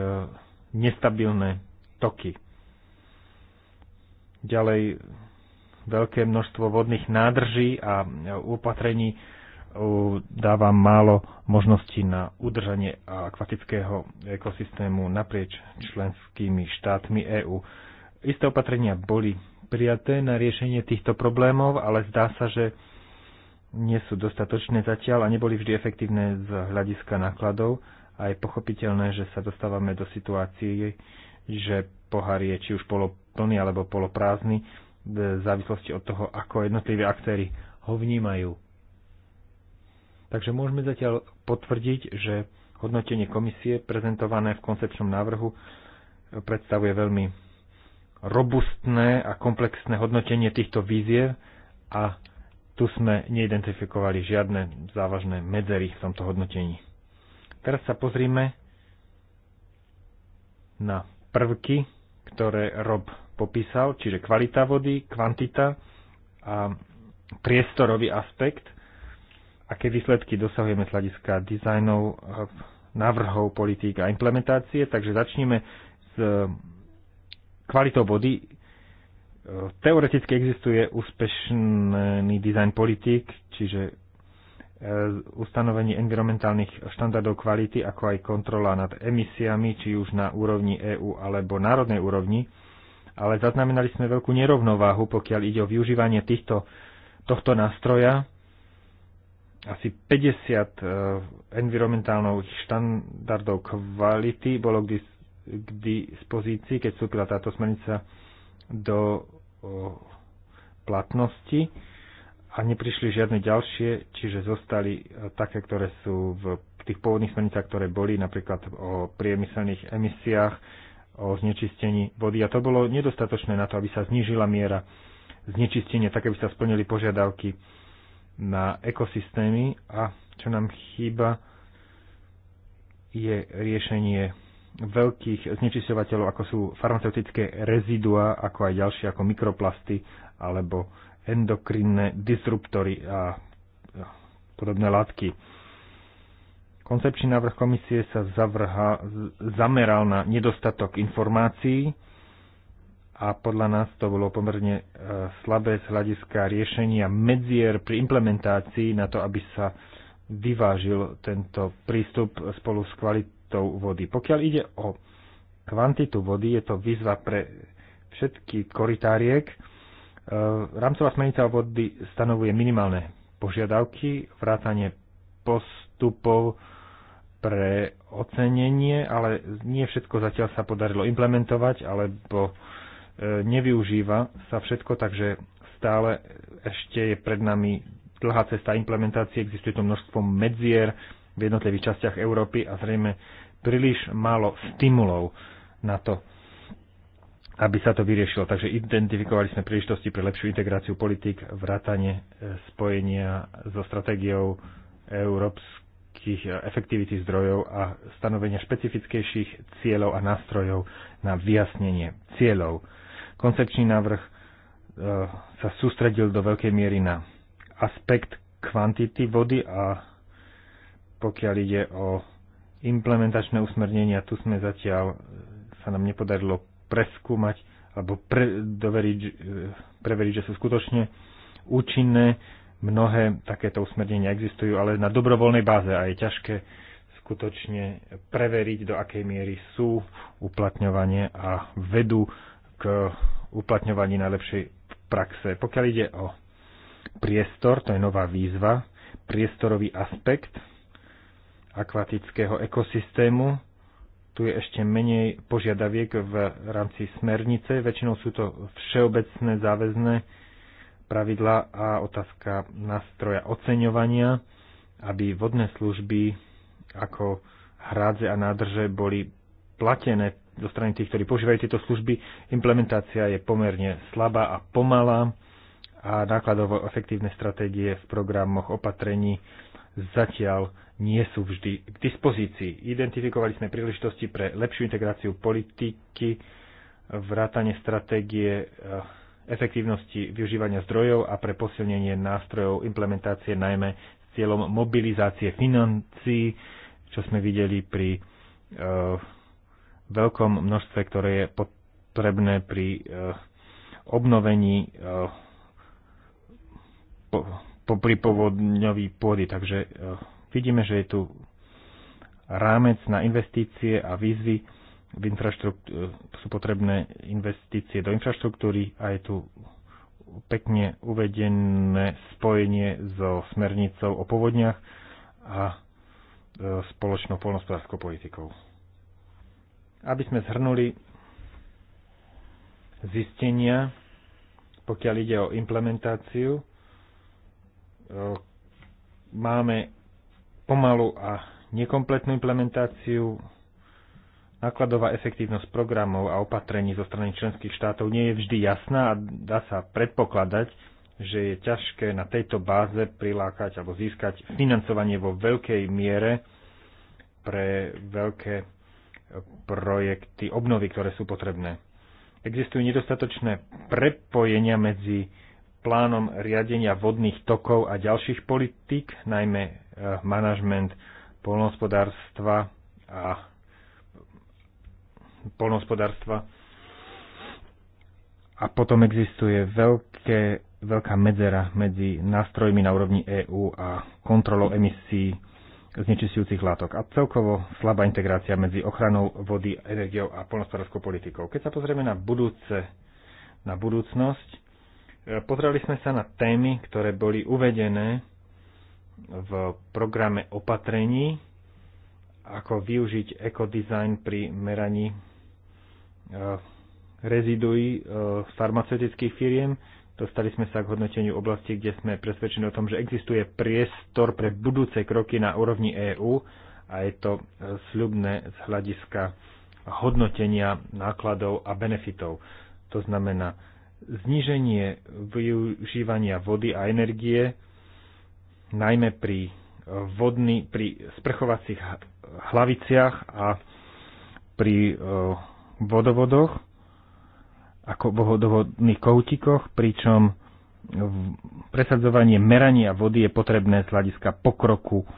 nestabilné toky ďalej veľké množstvo vodných nádrží a opatrení uh, dáva málo možností na udržanie akvatického ekosystému naprieč členskými štátmi EÚ. Isté opatrenia boli prijaté na riešenie týchto problémov, ale zdá sa, že nie sú dostatočné zatiaľ a neboli vždy efektívne z hľadiska nákladov a je pochopiteľné, že sa dostávame do situácií, že pohár je či už poloplný alebo poloprázdny, v závislosti od toho, ako jednotliví aktéry ho vnímajú. Takže môžeme zatiaľ potvrdiť, že hodnotenie komisie prezentované v koncepčnom návrhu predstavuje veľmi robustné a komplexné hodnotenie týchto víziev a tu sme neidentifikovali žiadne závažné medzery v tomto hodnotení. Teraz sa pozrime na prvky, ktoré Rob popísal, čiže kvalita vody, kvantita a priestorový aspekt, aké výsledky dosahujeme z hľadiska dizajnov, návrhov, politík a implementácie. Takže začneme s e, kvalitou vody. E, teoreticky existuje úspešný dizajn politík, čiže E, ustanovení environmentálnych štandardov kvality, ako aj kontrola nad emisiami, či už na úrovni EÚ alebo národnej úrovni, ale zaznamenali sme veľkú nerovnováhu, pokiaľ ide o využívanie týchto, tohto nástroja. Asi 50 e, environmentálnych štandardov kvality bolo k, dis- k dispozícii, keď vstúpila táto smernica do platnosti a neprišli žiadne ďalšie, čiže zostali e, také, ktoré sú v tých pôvodných smerniciach, ktoré boli napríklad o priemyselných emisiách, o znečistení vody. A to bolo nedostatočné na to, aby sa znížila miera znečistenia, tak aby sa splnili požiadavky na ekosystémy. A čo nám chýba, je riešenie veľkých znečisťovateľov, ako sú farmaceutické rezidua, ako aj ďalšie, ako mikroplasty alebo endokrinné disruptory a podobné látky. Koncepčný návrh komisie sa zavrha, zameral na nedostatok informácií a podľa nás to bolo pomerne e, slabé z hľadiska riešenia medzier pri implementácii na to, aby sa vyvážil tento prístup spolu s kvalitou vody. Pokiaľ ide o kvantitu vody, je to výzva pre všetky koritáriek, Eh, rámcová smernica o vody stanovuje minimálne požiadavky, vrátanie postupov pre ocenenie, ale nie všetko zatiaľ sa podarilo implementovať, alebo eh, nevyužíva sa všetko, takže stále ešte je pred nami dlhá cesta implementácie, existuje to množstvo medzier v jednotlivých častiach Európy a zrejme príliš málo stimulov na to, aby sa to vyriešilo. Takže identifikovali sme príležitosti pre lepšiu integráciu politik, vrátanie e, spojenia so stratégiou európskych e, efektivity zdrojov a stanovenia špecifickejších cieľov a nástrojov na vyjasnenie cieľov. Koncepčný návrh e, sa sústredil do veľkej miery na aspekt kvantity vody a pokiaľ ide o implementačné usmernenia, tu sme zatiaľ sa nám nepodarilo preskúmať alebo pre, doveriť, e, preveriť, že sú skutočne účinné. Mnohé takéto usmernenia existujú, ale na dobrovoľnej báze a je ťažké skutočne preveriť, do akej miery sú uplatňovanie a vedú k uplatňovaní najlepšej praxe. Pokiaľ ide o priestor, to je nová výzva, priestorový aspekt akvatického ekosystému, tu je ešte menej požiadaviek v rámci smernice. Väčšinou sú to všeobecné záväzné pravidla a otázka nástroja oceňovania, aby vodné služby ako hrádze a nádrže boli platené zo strany tých, ktorí používajú tieto služby. Implementácia je pomerne slabá a pomalá a nákladovo efektívne stratégie v programoch opatrení zatiaľ nie sú vždy k dispozícii. Identifikovali sme príležitosti pre lepšiu integráciu politiky, vrátanie stratégie eh, efektívnosti využívania zdrojov a pre posilnenie nástrojov implementácie najmä s cieľom mobilizácie financií, čo sme videli pri e, veľkom množstve, ktoré je potrebné pri e, obnovení e, po, po pripovodňový pôdy. Takže e, Vidíme, že je tu rámec na investície a výzvy. V sú potrebné investície do infraštruktúry a je tu pekne uvedené spojenie so smernicou o povodniach a e, spoločnou polnospodárskou politikou. Aby sme zhrnuli zistenia, pokiaľ ide o implementáciu, e, máme pomalú a nekompletnú implementáciu. Nákladová efektívnosť programov a opatrení zo strany členských štátov nie je vždy jasná a dá sa predpokladať, že je ťažké na tejto báze prilákať alebo získať financovanie vo veľkej miere pre veľké projekty obnovy, ktoré sú potrebné. Existujú nedostatočné prepojenia medzi plánom riadenia vodných tokov a ďalších politík, najmä eh, manažment polnohospodárstva a polnohospodárstva. A potom existuje veľké, veľká medzera medzi nástrojmi na úrovni EÚ a kontrolou emisí znečistujúcich látok a celkovo slabá integrácia medzi ochranou vody, energiou a polnospodárskou politikou. Keď sa pozrieme na budúce, na budúcnosť, E, Pozreli sme sa na témy, ktoré boli uvedené v programe opatrení, ako využiť ekodizajn pri meraní e, reziduí e, farmaceutických firiem. Dostali sme sa k hodnoteniu oblasti, kde sme presvedčení o tom, že existuje priestor pre budúce kroky na úrovni EÚ a je to sľubné z hľadiska hodnotenia nákladov a benefitov. To znamená, zníženie využívania vody a energie, najmä pri, vodny, pri sprchovacích hlaviciach a pri e, vodovodoch ako vodovodných koutikoch, pričom presadzovanie merania vody je potrebné z hľadiska pokroku e,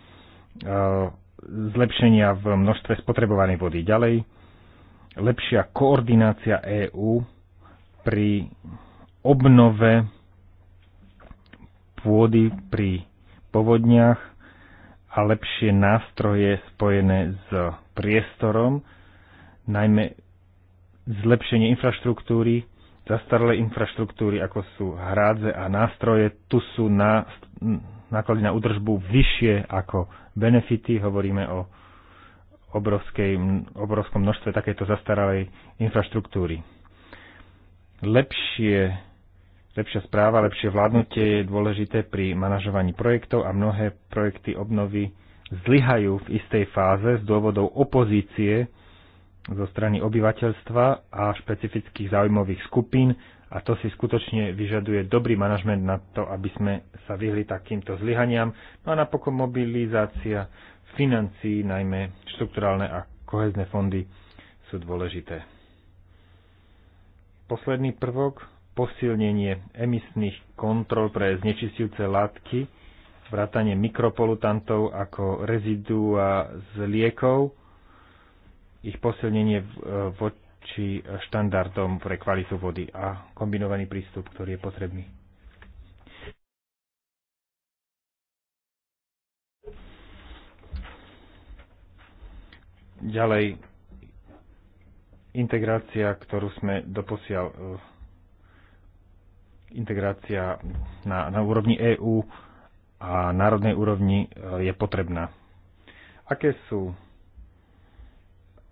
zlepšenia v množstve spotrebovanej vody. Ďalej, lepšia koordinácia EÚ pri obnove pôdy pri povodniach a lepšie nástroje spojené s priestorom, najmä zlepšenie infraštruktúry, zastaralé infraštruktúry, ako sú hrádze a nástroje, tu sú na, náklady na údržbu vyššie ako benefity. Hovoríme o obrovskej, obrovskom množstve takéto zastaralej infraštruktúry lepšie, lepšia správa, lepšie vládnutie je dôležité pri manažovaní projektov a mnohé projekty obnovy zlyhajú v istej fáze z dôvodov opozície zo strany obyvateľstva a špecifických záujmových skupín a to si skutočne vyžaduje dobrý manažment na to, aby sme sa vyhli takýmto zlyhaniam. No a napokon mobilizácia financií, najmä štrukturálne a kohezné fondy sú dôležité. Posledný prvok, posilnenie emisných kontrol pre znečistujúce látky, vrátanie mikropolutantov ako rezidua z liekov, ich posilnenie e, voči štandardom pre kvalitu vody a kombinovaný prístup, ktorý je potrebný. Ďalej Integrácia, ktorú sme doposiaľ e, integrácia na, na úrovni EÚ a národnej úrovni e, je potrebná. Aké sú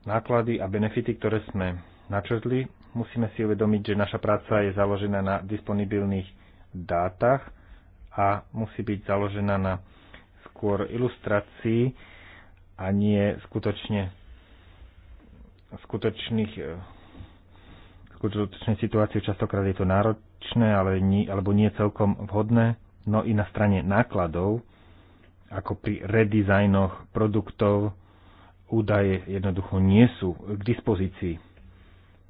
náklady a benefity, ktoré sme načrtli? Musíme si uvedomiť, že naša práca je založená na disponibilných dátach a musí byť založená na skôr ilustrácii a nie skutočne skutočných e, skutočnej situáciu častokrát je to náročné, ale nie, alebo nie celkom vhodné. No i na strane nákladov, ako pri redesignoch produktov, údaje jednoducho nie sú k dispozícii.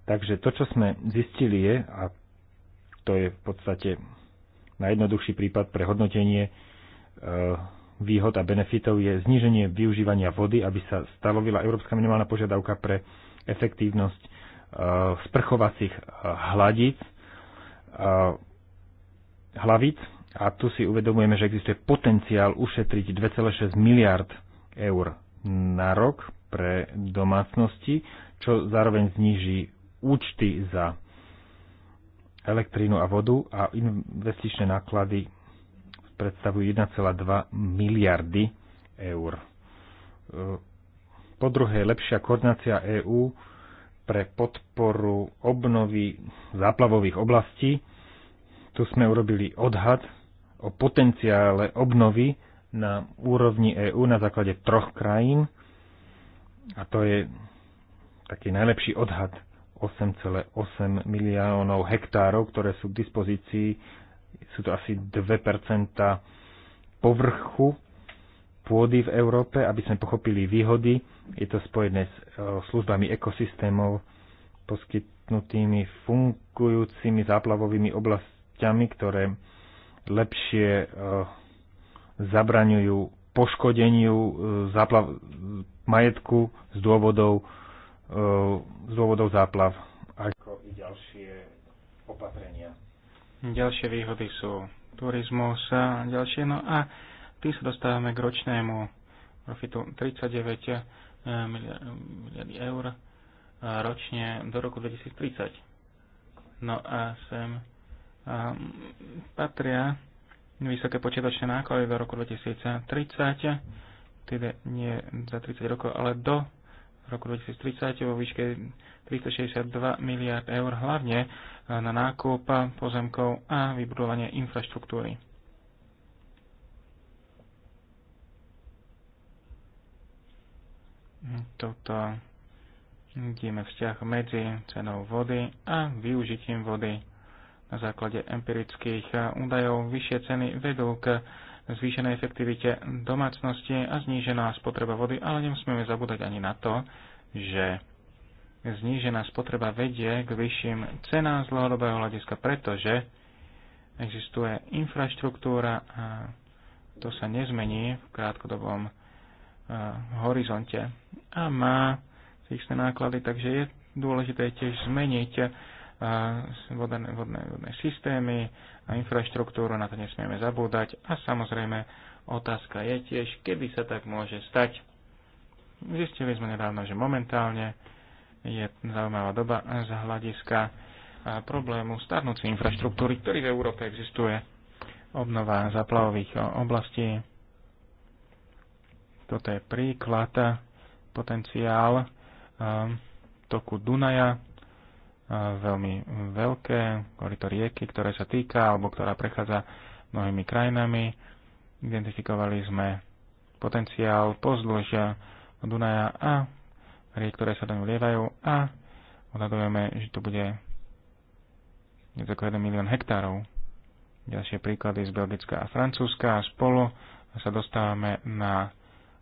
Takže to, čo sme zistili je, a to je v podstate najjednoduchší prípad pre hodnotenie e, výhod a benefitov, je zníženie využívania vody, aby sa stanovila európska minimálna požiadavka pre efektívnosť e, sprchovacích e, hladíc, e, hlavic a tu si uvedomujeme, že existuje potenciál ušetriť 2,6 miliard eur na rok pre domácnosti, čo zároveň zniží účty za elektrínu a vodu a investičné náklady predstavujú 1,2 miliardy eur po druhé, lepšia koordinácia EÚ pre podporu obnovy záplavových oblastí. Tu sme urobili odhad o potenciále obnovy na úrovni EÚ na základe troch krajín. A to je taký najlepší odhad 8,8 miliónov hektárov, ktoré sú k dispozícii. Sú to asi 2 povrchu pôdy v Európe, aby sme pochopili výhody. Je to spojené s e, službami ekosystémov, poskytnutými fungujúcimi záplavovými oblastiami, ktoré lepšie e, zabraňujú poškodeniu e, záplav majetku z dôvodov, z dôvodov záplav, ako i ďalšie opatrenia. Ďalšie výhody sú turizmus a ďalšie. No a tým sa dostávame k ročnému profitu 39 eh, miliardy eur eh, ročne do roku 2030. No a sem ehm, patria vysoké počiatočné náklady do roku 2030, teda nie za 30 rokov, ale do roku 2030 vo výške 362 miliard eur, hlavne eh, na nákup pozemkov a vybudovanie infraštruktúry. toto vidíme vzťah medzi cenou vody a využitím vody. Na základe empirických eh, údajov vyššie ceny vedú k zvýšenej efektivite domácnosti a znížená spotreba vody, ale nemusíme zabúdať ani na to, že znížená spotreba vedie k vyšším cenám z dlhodobého hľadiska, pretože existuje infraštruktúra a to sa nezmení v krátkodobom horizonte a má fixné náklady, takže je dôležité tiež zmeniť vodné, vodné, vodné systémy a infraštruktúru, na to nesmieme zabúdať a samozrejme otázka je tiež, kedy sa tak môže stať. Zistili sme nedávno, že momentálne je zaujímavá doba z hľadiska problému starnúcej infraštruktúry, ktorý v Európe existuje, obnova zaplavových oblastí, toto je príklad, eh, potenciál eh, toku Dunaja, eh, veľmi veľké, korito rieky, ktoré sa týka, alebo ktorá prechádza mnohými krajinami. Identifikovali sme potenciál pozdĺž Dunaja a riek, ktoré sa do ňu lievajú a odhadujeme, že to bude viac ako 1 milión hektárov. Ďalšie príklady z Belgická a Francúzska a spolu sa dostávame na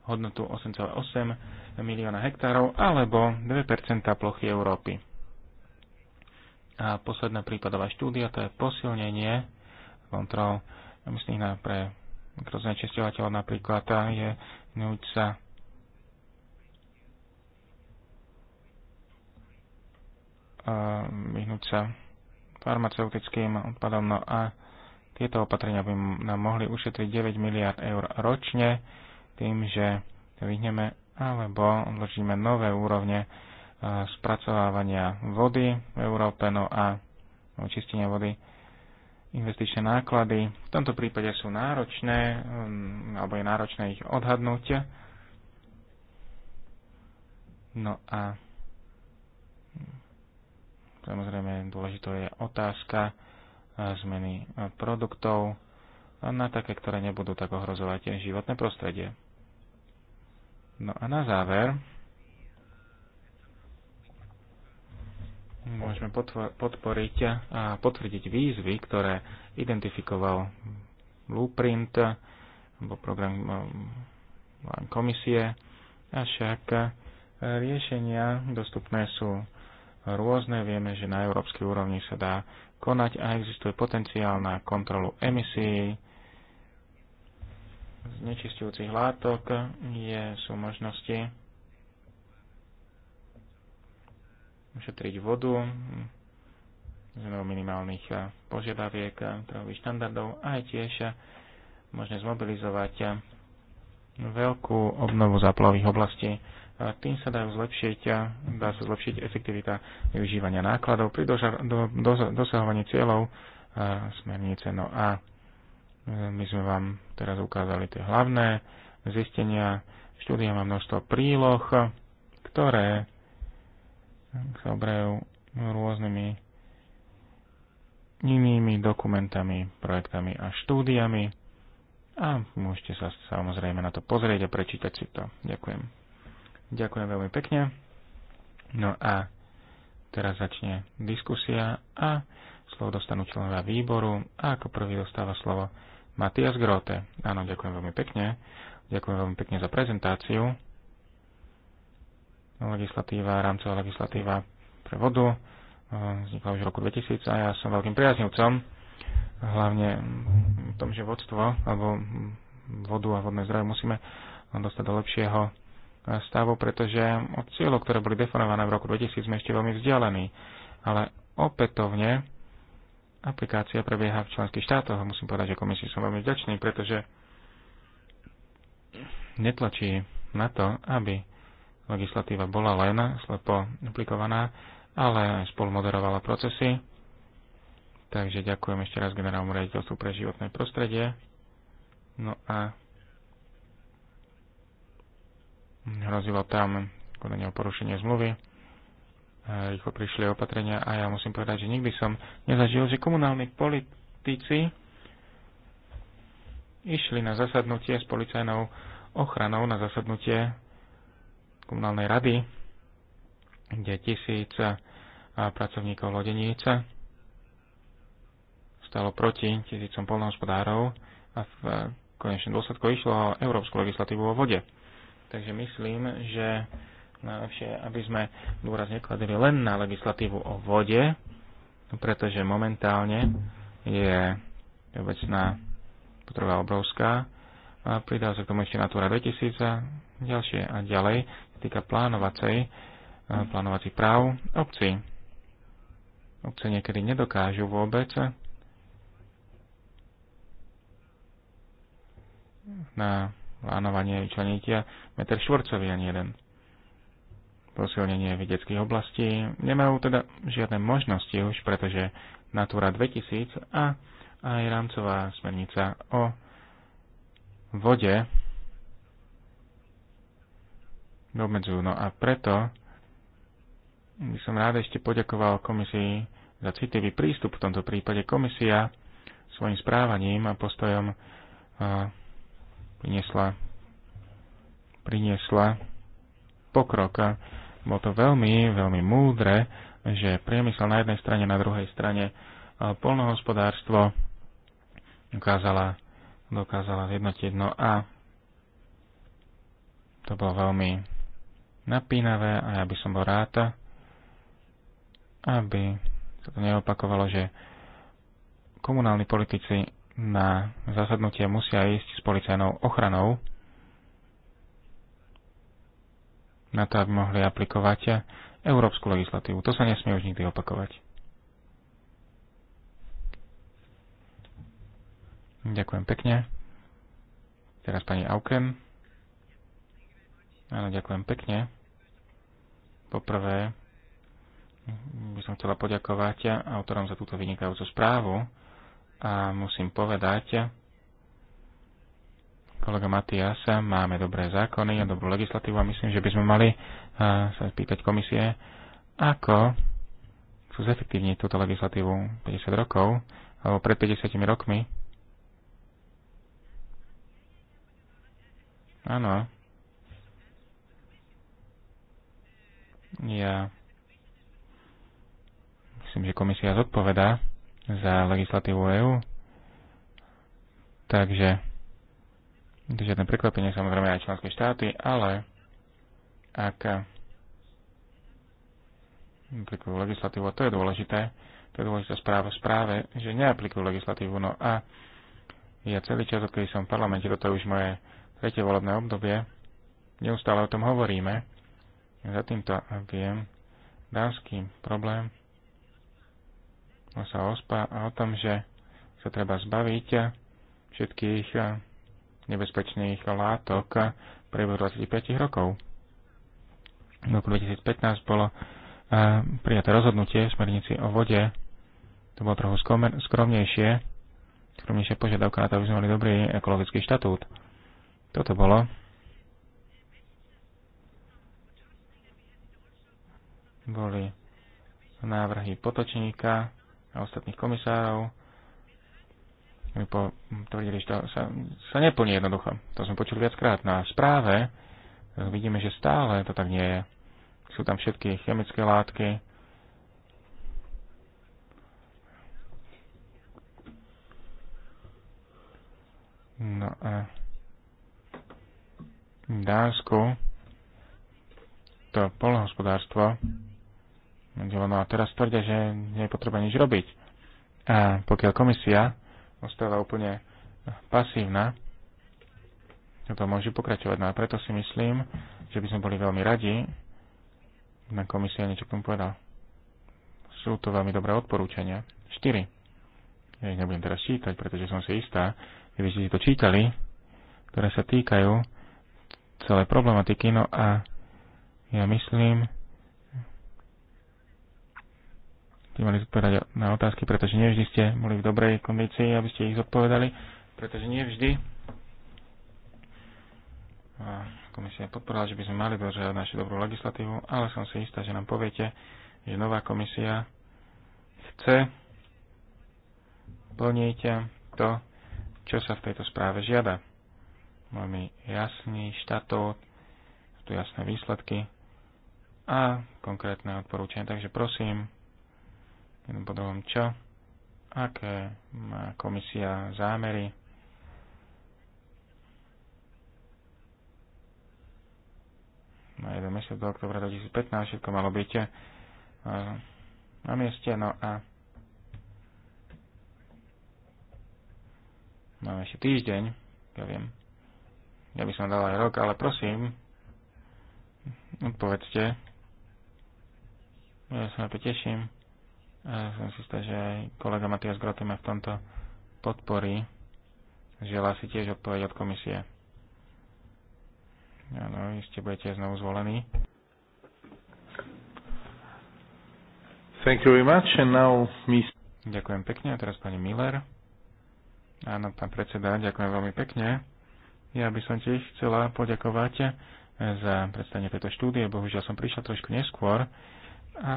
hodnotu 8,8 milióna hektárov alebo 2 plochy Európy. A posledná prípadová štúdia to je posilnenie kontrol myslím na pre mikroznečistovateľov napríklad tá je sa vyhnúť sa farmaceutickým odpadom. No a tieto opatrenia by nám mohli ušetriť 9 miliard eur ročne tým, že vyhneme alebo odložíme nové úrovne e, spracovávania vody v Európe, no a čistenia vody. Investičné náklady v tomto prípade sú náročné, alebo je náročné ich odhadnúť. No a samozrejme dôležitá je otázka e, zmeny e, produktov na také, ktoré nebudú tak ohrozovať životné prostredie. No a na záver môžeme podporiť a potvrdiť výzvy, ktoré identifikoval Blueprint alebo program um, komisie, avšak riešenia dostupné sú rôzne. Vieme, že na európskej úrovni sa dá konať a existuje potenciál na kontrolu emisí, znečistujúcich látok je, sú možnosti ušetriť vodu z minimálnych eh, požiadaviek, eh, trhových štandardov a aj tiež možné zmobilizovať eh, veľkú obnovu záplavových oblastí. Tým sa dajú zlepšiť, dá sa zlepšiť efektivita využívania nákladov pri dosahovaní cieľov smernice. No a Eh, my sme vám teraz ukázali tie hlavné zistenia. Štúdia má množstvo príloh, ktoré sa obrajú rôznymi inými dokumentami, projektami a štúdiami. A môžete sa samozrejme na to pozrieť a prečítať si to. Ďakujem. Ďakujem veľmi pekne. No a teraz začne diskusia a slovo dostanú členovia výboru a ako prvý dostáva slovo Matias Grote. Áno, ďakujem veľmi pekne. Ďakujem veľmi pekne za prezentáciu. Legislatíva, rámcová legislatíva pre vodu eh, vznikla už v roku 2000 a ja som veľkým priaznivcom hlavne v tom, že vodstvo alebo vodu a vodné zdroje musíme dostať do lepšieho stavu, pretože od cieľov, ktoré boli definované v roku 2000, sme ešte veľmi vzdialení. Ale opätovne aplikácia prebieha v členských štátoch a musím povedať, že komisii som veľmi vďačný, pretože netlačí na to, aby legislatíva bola len slepo aplikovaná, ale spolu moderovala procesy. Takže ďakujem ešte raz generálnemu riaditeľstvu pre životné prostredie. No a hrozilo tam konanie o porušenie zmluvy. Eh, rýchlo prišli opatrenia a ja musím povedať, že nikdy som nezažil, že komunálni politici išli na zasadnutie s policajnou ochranou, na zasadnutie komunálnej rady, kde tisíc eh, pracovníkov lodenice stalo proti tisícom polnohospodárov a v eh, konečnom dôsledku išlo o európsku legislatívu o vode. Takže myslím, že najlepšie, aby sme dôraz nekladili len na legislatívu o vode, pretože momentálne je obecná potreba obrovská. A pridá sa k tomu ešte Natura 2000 a ďalšie a ďalej, týka plánovacej, plánovacích práv obcí. Obce niekedy nedokážu vôbec na plánovanie vyčleniť meter štvorcový ani jeden posilnenie vedeckých oblastí. Nemajú teda žiadne možnosti už, pretože Natura 2000 a aj rámcová smernica o vode obmedzujú. No a preto by som rád ešte poďakoval komisii za citlivý prístup. V tomto prípade komisia svojim správaním a postojom priniesla, priniesla pokrok bolo to veľmi, veľmi múdre, že priemysel na jednej strane, na druhej strane e, polnohospodárstvo dokázala, dokázala zjednotiť. No a to bolo veľmi napínavé a ja by som bol rád, aby sa to neopakovalo, že komunálni politici na zasadnutie musia ísť s policajnou ochranou, na to, aby mohli aplikovať európsku legislatívu. To sa nesmie už nikdy opakovať. Ďakujem pekne. Teraz pani Auken. Áno, ďakujem pekne. Poprvé by som chcela poďakovať autorom za túto vynikajúcu správu a musím povedať, kolega Matiasa máme dobré zákony a dobrú legislatívu a myslím, že by sme mali sa spýtať komisie, ako chcú zefektívniť túto legislatívu 50 rokov, alebo pred 50 rokmi. Áno. Ja myslím, že komisia zodpovedá za legislatívu EÚ. Takže nie to žiadne prekvapenie, samozrejme aj členské štáty, ale ak aplikujú legislatívu, a to je dôležité, to je dôležitá správa v správe, že neaplikujú legislatívu, no a ja celý čas, odkedy som v parlamente, toto je už moje tretie volebné obdobie, neustále o tom hovoríme, za týmto viem, dánsky problém, sa ospa a o tom, že sa treba zbaviť všetkých nebezpečných látok v priebehu 25 rokov. V roku 2015 bolo eh, prijaté rozhodnutie v smernici o vode. To bolo trochu skromnejšie, skromnejšia požiadavka na to, aby sme mali dobrý ekologický štatút. Toto bolo. Boli návrhy potočníka a ostatných komisárov my po, tvrdili, že to sa, sa neplní jednoducho. To sme počuli viackrát na správe. Eh, vidíme, že stále to tak nie je. Sú tam všetky chemické látky. No a v Dánsku to polnohospodárstvo no a teraz tvrdia, že nepotrebuje nič robiť. A pokiaľ komisia ostáva úplne pasívna. Toto môže pokračovať. No a preto si myslím, že by sme boli veľmi radi, na komisia niečo k tomu povedal. Sú to veľmi dobré odporúčania. 4. Ja ich nebudem teraz čítať, pretože som si istá, že by ste si to čítali, ktoré sa týkajú celej problematiky, no a ja myslím, by mali zodpovedať na otázky, pretože nevždy ste boli v dobrej kondícii, aby ste ich zodpovedali, pretože nevždy komisia podporila, že by sme mali dodržiavať našu dobrú legislatívu, ale som si istá, že nám poviete, že nová komisia chce plniť to, čo sa v tejto správe žiada. Máme jasný štatút, tu jasné výsledky a konkrétne odporúčanie. takže prosím, jednom podobom čo, aké má komisia zámery, na jeden mesiac do oktobra 2015 všetko malo byť eh, na mieste, no a máme ešte týždeň, ja viem, ja by som dal aj rok, ale prosím, odpovedzte, ja sa na to teším. A som si istá, že aj kolega Matias Grote ma v tomto podporí. Želá si tiež odpoveď od komisie. Áno, iste budete znovu zvolení. Thank you very much. And now, miss... Ďakujem pekne. A teraz pani Miller. Áno, pán predseda, ďakujem veľmi pekne. Ja by som tiež chcela poďakovať za predstavenie tejto štúdie. Bohužiaľ som prišla trošku neskôr a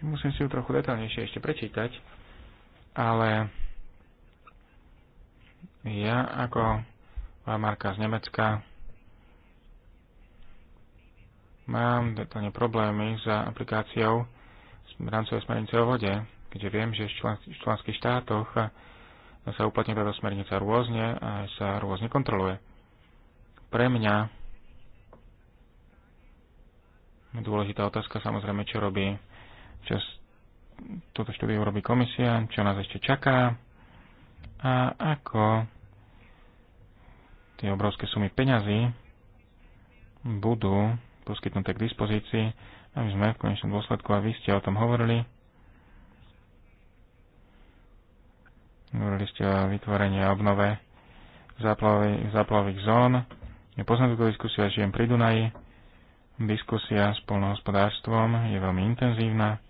Musím si ju trochu detaľnejšie ešte prečítať, ale ja ako Marka z Nemecka mám detálne problémy s aplikáciou rámcovej smernice o vode, keďže viem, že v členských štátoch sa uplatňuje táto smernica rôzne a sa rôzne kontroluje. Pre mňa dôležitá otázka samozrejme, čo robí čo toto štúdiu robí komisia, čo nás ešte čaká a ako tie obrovské sumy peňazí budú poskytnuté k dispozícii, aby sme v konečnom dôsledku, a vy ste o tom hovorili, hovorili ste o vytvorení a obnove záplavových, záplavových zón. Ja poznám túto diskusiu, ja žijem pri Dunaji. Diskusia s polnohospodárstvom je veľmi intenzívna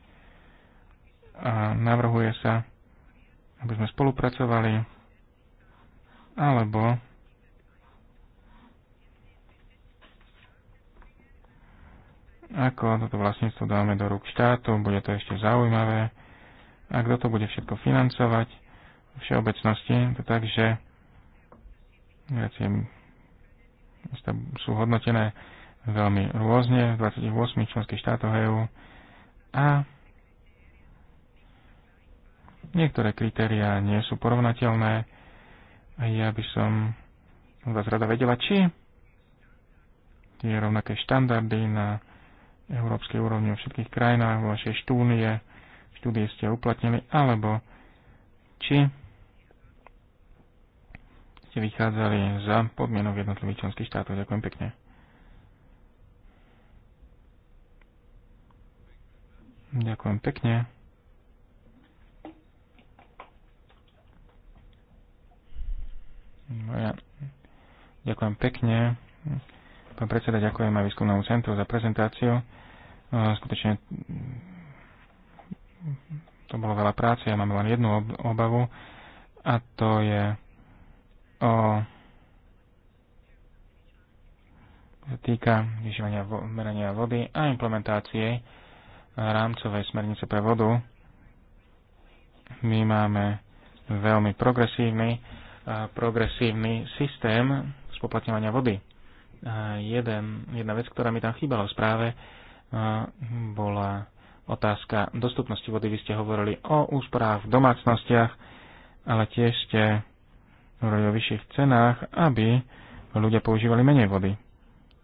a navrhuje sa, aby sme spolupracovali, alebo ako toto vlastníctvo dáme do rúk štátu, bude to ešte zaujímavé, a kto to bude všetko financovať v všeobecnosti, to tak, že veci sú hodnotené veľmi rôzne v 28 členských štátoch EÚ a Niektoré kritériá nie sú porovnateľné a ja by som vás rada vedela, či tie rovnaké štandardy na európskej úrovni vo všetkých krajinách, vo vašej štúdie, štúdie ste uplatnili, alebo či ste vychádzali za podmienok jednotlivých členských štátov. Ďakujem pekne. Ďakujem pekne. No ja ďakujem pekne. Pán predseda, ďakujem aj výskumnému centru za prezentáciu. No, skutočne to bolo veľa práce, ja mám len jednu obavu a to je o týka vyžívania merania vody a implementácie rámcovej smernice pre vodu. My máme veľmi progresívny progresívny systém spoplatňovania vody. jeden, jedna vec, ktorá mi tam chýbala v správe, bola otázka dostupnosti vody. Vy ste hovorili o úsporách v domácnostiach, ale tiež ste hovorili o vyšších cenách, aby ľudia používali menej vody.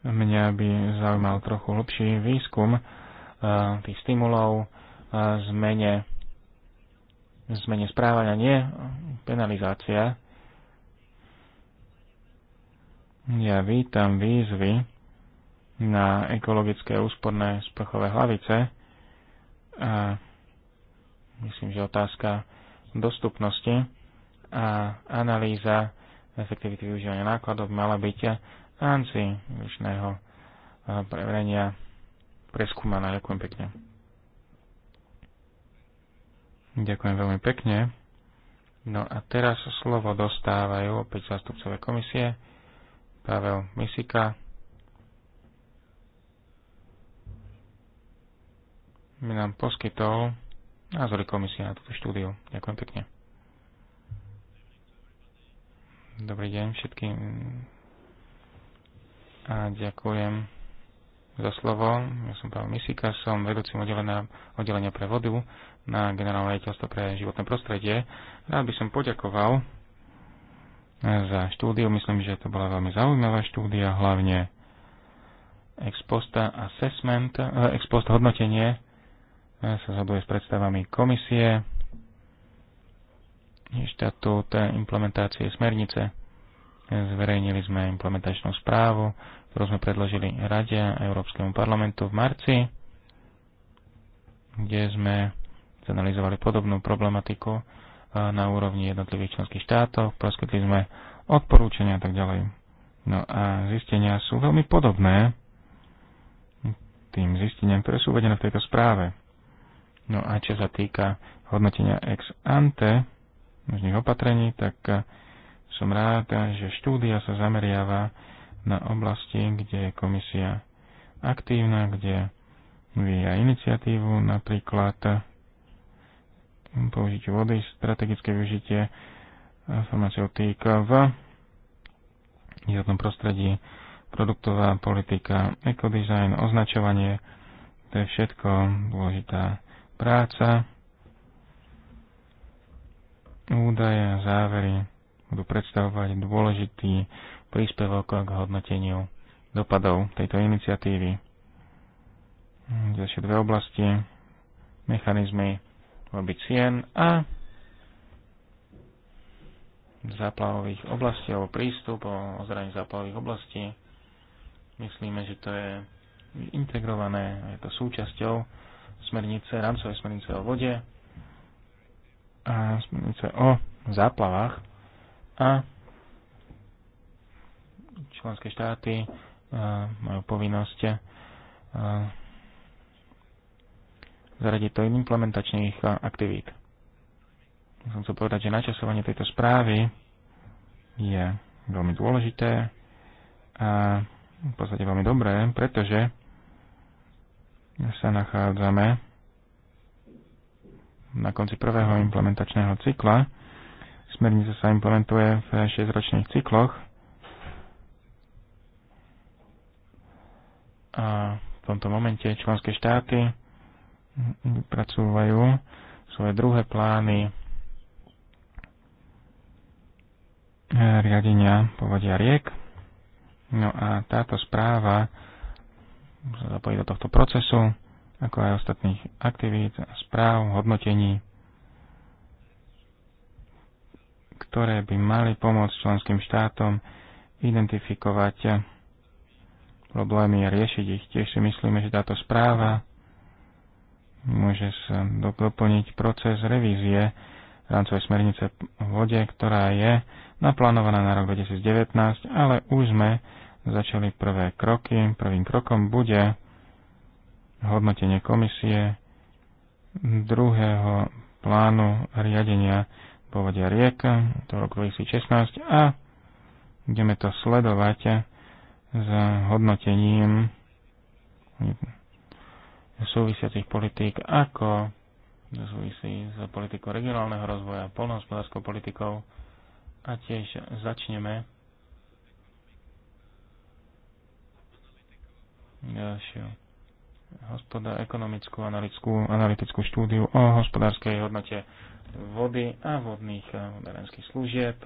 Mňa by zaujímal trochu hlbší výskum tých stimulov, zmene, zmene správania, nie penalizácia ja vítam výzvy na ekologické úsporné sprchové hlavice a myslím, že otázka dostupnosti a analýza efektivity využívania nákladov mala byť v výšného preverenia preskúmaná. Ďakujem pekne. Ďakujem veľmi pekne. No a teraz slovo dostávajú opäť zastupcové komisie. Pavel Misika. mi nám poskytol názory komisie na túto štúdiu. Ďakujem pekne. Dobrý deň všetkým a ďakujem za slovo. Ja som Pavel Misika, som vedúcim oddelenia, oddelenia pre vodu na Generálne rejiteľstvo pre životné prostredie. Rád by som poďakoval za štúdiu. Myslím, že to bola veľmi zaujímavá štúdia, hlavne ex post assessment, eh, ex post hodnotenie eh, sa zhoduje s predstavami komisie, štatút eh, implementácie smernice. Zverejnili sme implementačnú správu, ktorú sme predložili Rade a Európskemu parlamentu v marci, kde sme zanalizovali podobnú problematiku na úrovni jednotlivých členských štátov, poskytli sme odporúčania a tak ďalej. No a zistenia sú veľmi podobné tým zisteniam, ktoré sú uvedené v tejto správe. No a čo sa týka hodnotenia ex ante možných opatrení, tak eh, som rád, že štúdia sa zameriava na oblasti, kde je komisia aktívna, kde vyvíja iniciatívu, napríklad použitie vody, strategické využitie farmaceutík v životnom prostredí, produktová politika, ekodizajn, označovanie, to je všetko dôležitá práca. Údaje a závery budú predstavovať dôležitý príspevok k hodnoteniu dopadov tejto iniciatívy. Ďalšie dve oblasti, mechanizmy tvorby cien a záplavových oblastí alebo prístup o ozraní záplavových oblastí. Myslíme, že to je integrované, je to súčasťou smernice, rámcovej smernice o vode a smernice o záplavách a členské štáty majú povinnosť zaradiť to implementačných eh, aktivít. Musím chcel povedať, že načasovanie tejto správy je veľmi dôležité a v podstate veľmi dobré, pretože sa nachádzame na konci prvého implementačného cykla. Smernica sa implementuje v 6-ročných cykloch a v tomto momente členské štáty vypracúvajú svoje druhé plány eh, riadenia povodia riek. No a táto správa sa zapojí do tohto procesu, ako aj ostatných aktivít, správ, hodnotení, ktoré by mali pomôcť členským štátom identifikovať problémy a riešiť ich. Tiež si myslíme, že táto správa môže sa doplniť proces revízie rámcovej smernice v vode, ktorá je naplánovaná na rok 2019, ale už sme začali prvé kroky. Prvým krokom bude hodnotenie komisie druhého plánu riadenia povodia riek do roku 2016 a budeme to sledovať s hodnotením súvisiacich politík, ako súvisí s politikou regionálneho rozvoja, polnohospodárskou politikou a tiež začneme ďalšiu ekonomickú analytickú, analytickú štúdiu o hospodárskej hodnote vody a vodných vodárenských služieb,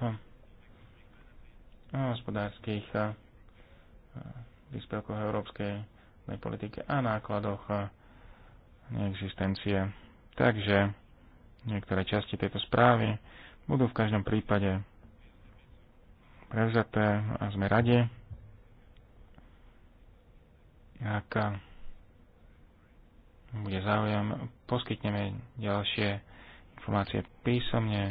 o hospodárskych príspevkoch európskej politike a nákladoch existencie. Takže niektoré časti tejto správy budú v každom prípade prevzaté a sme radi, ak bude záujem, poskytneme ďalšie informácie písomne.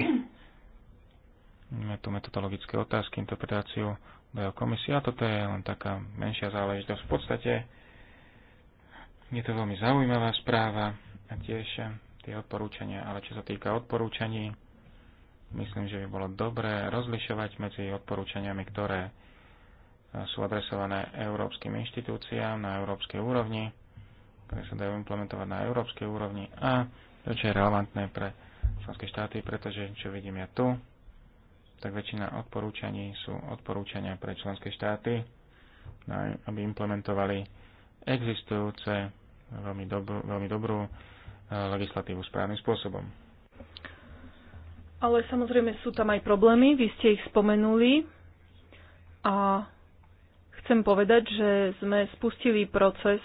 Máme tu metodologické otázky, interpretáciu do komisie a toto je len taká menšia záležitosť. V podstate je to veľmi zaujímavá správa a tiež tie odporúčania, ale čo sa týka odporúčaní, myslím, že by bolo dobré rozlišovať medzi odporúčaniami, ktoré e, sú adresované európskym inštitúciám na európskej úrovni, ktoré sa dajú implementovať na európskej úrovni a to, čo je relevantné pre členské štáty, pretože čo vidím ja tu, tak väčšina odporúčaní sú odporúčania pre členské štáty, aby implementovali existujúce veľmi, dobrú, veľmi dobrú legislatívu správnym spôsobom. Ale samozrejme sú tam aj problémy, vy ste ich spomenuli a chcem povedať, že sme spustili proces,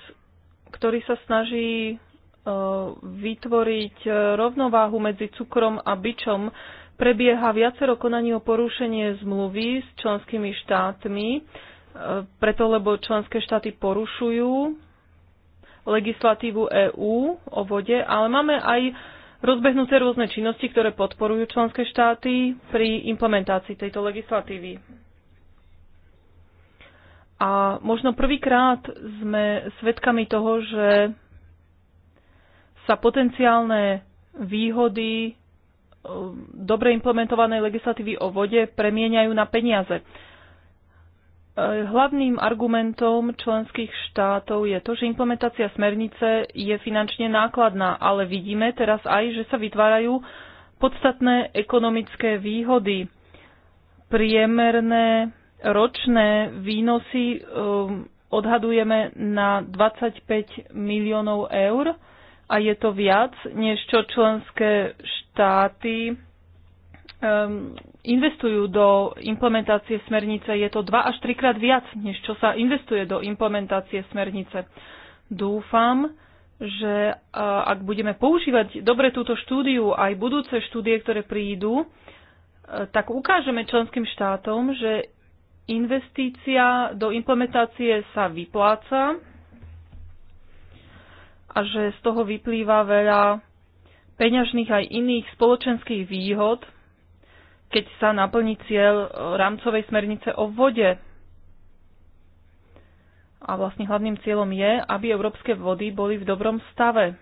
ktorý sa snaží e, vytvoriť e, rovnováhu medzi cukrom a byčom. Prebieha viacero konaní o porušenie zmluvy s členskými štátmi, e, preto lebo členské štáty porušujú legislatívu EÚ o vode, ale máme aj rozbehnuté rôzne činnosti, ktoré podporujú členské štáty pri implementácii tejto legislatívy. A možno prvýkrát sme svedkami toho, že sa potenciálne výhody um, dobre implementovanej legislatívy o vode premieňajú na peniaze. Hlavným argumentom členských štátov je to, že implementácia smernice je finančne nákladná, ale vidíme teraz aj, že sa vytvárajú podstatné ekonomické výhody. Priemerné ročné výnosy um, odhadujeme na 25 miliónov eur a je to viac, než čo členské štáty um, investujú do implementácie smernice, je to 2 až 3 krát viac, než čo sa investuje do implementácie smernice. Dúfam, že uh, ak budeme používať dobre túto štúdiu, aj budúce štúdie, ktoré prídu, uh, tak ukážeme členským štátom, že investícia do implementácie sa vypláca a že z toho vyplýva veľa peňažných aj iných spoločenských výhod keď sa naplní cieľ eh, rámcovej smernice o vode. A vlastne hlavným cieľom je, aby európske vody boli v dobrom stave.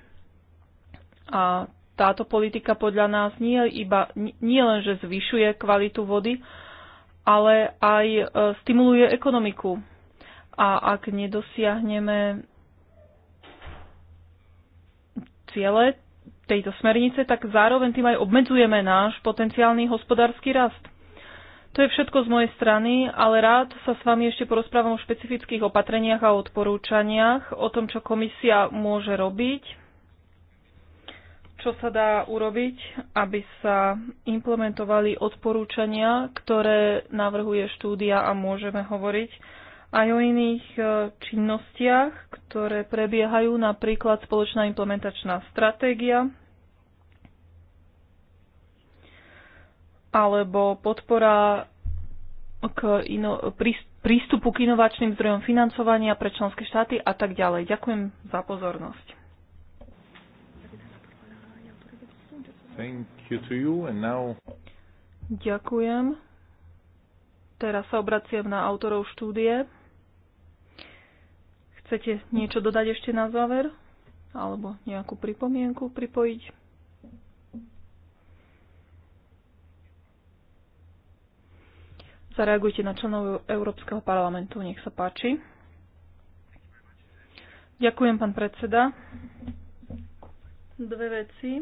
A táto politika podľa nás nie, iba, nie len, že zvyšuje kvalitu vody, ale aj eh, stimuluje ekonomiku. A ak nedosiahneme ciele, tejto smernice, tak zároveň tým aj obmedzujeme náš potenciálny hospodársky rast. To je všetko z mojej strany, ale rád sa s vami ešte porozprávam o špecifických opatreniach a odporúčaniach, o tom, čo komisia môže robiť, čo sa dá urobiť, aby sa implementovali odporúčania, ktoré navrhuje štúdia a môžeme hovoriť aj o iných e, činnostiach, ktoré prebiehajú, napríklad spoločná implementačná stratégia alebo podpora k ino- prístupu k inovačným zdrojom financovania pre členské štáty a tak ďalej. Ďakujem za pozornosť. Thank you to you and now... Ďakujem. Teraz sa obraciem na autorov štúdie. Chcete niečo dodať ešte na záver? Alebo nejakú pripomienku pripojiť? Zareagujte na členov Európskeho parlamentu, nech sa páči. Ďakujem, pán predseda. Dve veci.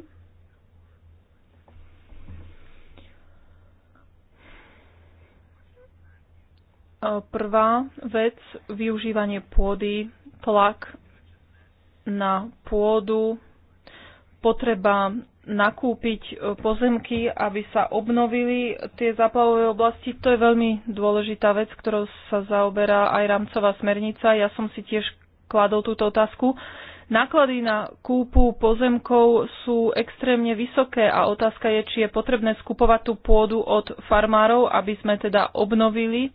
Prvá vec, využívanie pôdy tlak na pôdu, potreba nakúpiť e, pozemky, aby sa obnovili tie záplavové oblasti. To je veľmi dôležitá vec, ktorou sa zaoberá aj rámcová smernica. Ja som si tiež kladol túto otázku. Náklady na kúpu pozemkov sú extrémne vysoké a otázka je, či je potrebné skupovať tú pôdu od farmárov, aby sme teda obnovili